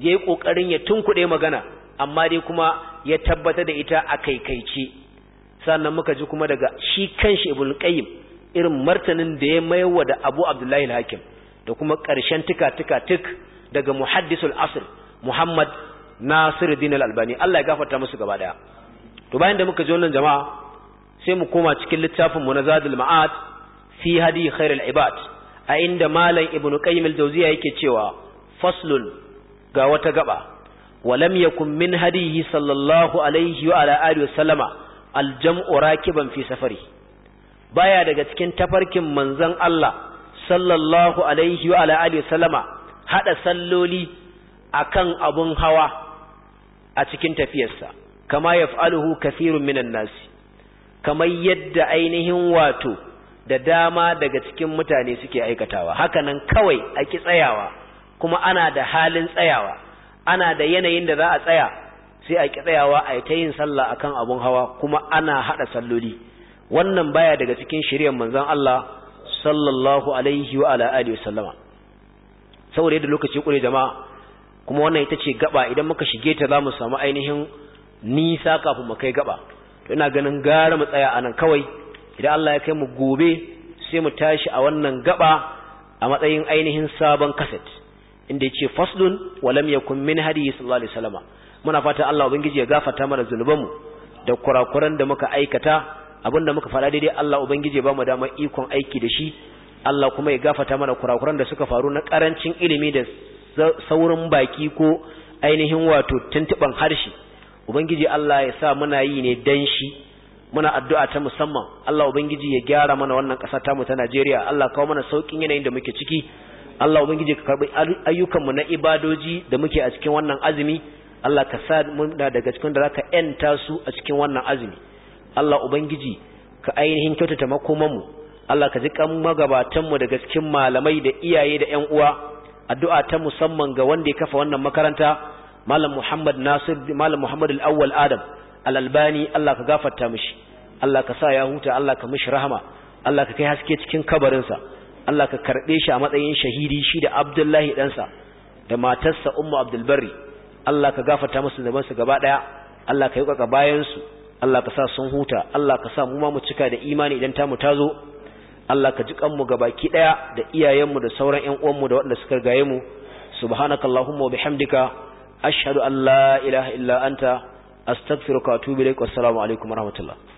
Speaker 1: yayi kokarin ya tunkuɗe magana amma dai kuma ya tabbata da ita a kaikaice sannan muka ji kuma daga shi kanshi Ibn Qayyim irin martanin da ya mayarwa da Abu Abdullahi al-Hakim da kuma ƙarshen tika-tika tuk daga muhaddisul asr muhammad nasiruddin al-albani Allah ya gafarta musu gaba ɗaya to bayan da muka ji wannan jama'a sai mu koma cikin littafin mu na zadul ma'ad fi hadi khairul ibad a inda malam ibnu qayyim al-jawziya yake cewa faslun ga wata gaba ولم يكن من هديه صلى الله عليه wa آله وسلم الجمع راكبا fi safari. baya daga cikin tafarkin manzon Allah sallallahu alaihi wa alihi sallama hada salloli akan abun hawa a cikin tafiyarsa kama yaf'aluhu kathirun minan nasi kamar yadda ainihin wato da dama daga cikin mutane suke aikatawa hakanan kawai a ki tsayawa kuma ana da halin tsayawa ana da yanayin da za a tsaya sai a ki tsayawa a ta yin sallah akan abun hawa kuma ana hada salloli wannan baya daga cikin shiryan manzon Allah sallallahu alaihi wa ala alihi wasallama saboda yadda lokaci kure jama'a kuma wannan ita ce gaba idan muka shige ta zamu samu ainihin nisa kafin mu kai gaba to ina ganin gara mu tsaya anan kawai idan Allah ya kai mu gobe sai mu tashi a wannan gaba a matsayin ainihin sabon kaset inda yace faslun wa lam yakun min hadiyi sallallahu alaihi wasallama muna fata Allah ubangiji ya gafarta mana zulubanmu da kurakuran da muka aikata abinda muka faɗa daidai Allah ubangije ba mu ikon aiki da shi Allah kuma ya gafata mana kurakuran da suka faru na karancin ilimi da saurin baki ko ainihin wato tuntuban harshe ubangiji Allah ya sa muna yi ne dan shi muna addu'a ta musamman Allah ubangiji ya gyara mana wannan ƙasa ta mu ta Najeriya Allah kawo mana saukin yanayin da muke ciki Allah ubangiji ka karɓi ayyukan mu na ibadoji da muke a cikin wannan azumi Allah ka sa muna daga cikin da zaka yanta su a cikin wannan azumi Allah ubangiji ka ainihin kyautata makomanmu Allah ka ji kan magabatanmu daga cikin malamai da iyaye da ƴan uwa addu'a ta musamman ga wanda ya kafa wannan makaranta malam Muhammad Nasir malam Muhammad al-Awwal Adam al-Albani Allah ka gafarta mishi Allah ka sa ya huta Allah ka mishi rahama Allah ka kai haske cikin kabarinsa Allah ka karbe shi a matsayin shahidi shi da Abdullahi ɗansa da matarsa Ummu Abdul Barri Allah ka gafarta musu su gaba daya Allah ka yi bayan su Allah ka sa sun huta Allah ka sa mu ma mu cika da imani idan tamu ta zo Allah ka ji kanmu baki daya da iyayenmu da sauran ƴan uwanmu da waɗanda suka gaye mu subhanakallahumma wa bihamdika ashhadu an la ilaha illa anta astaghfiruka wa atubu ilaik assalamu alaikum warahmatullahi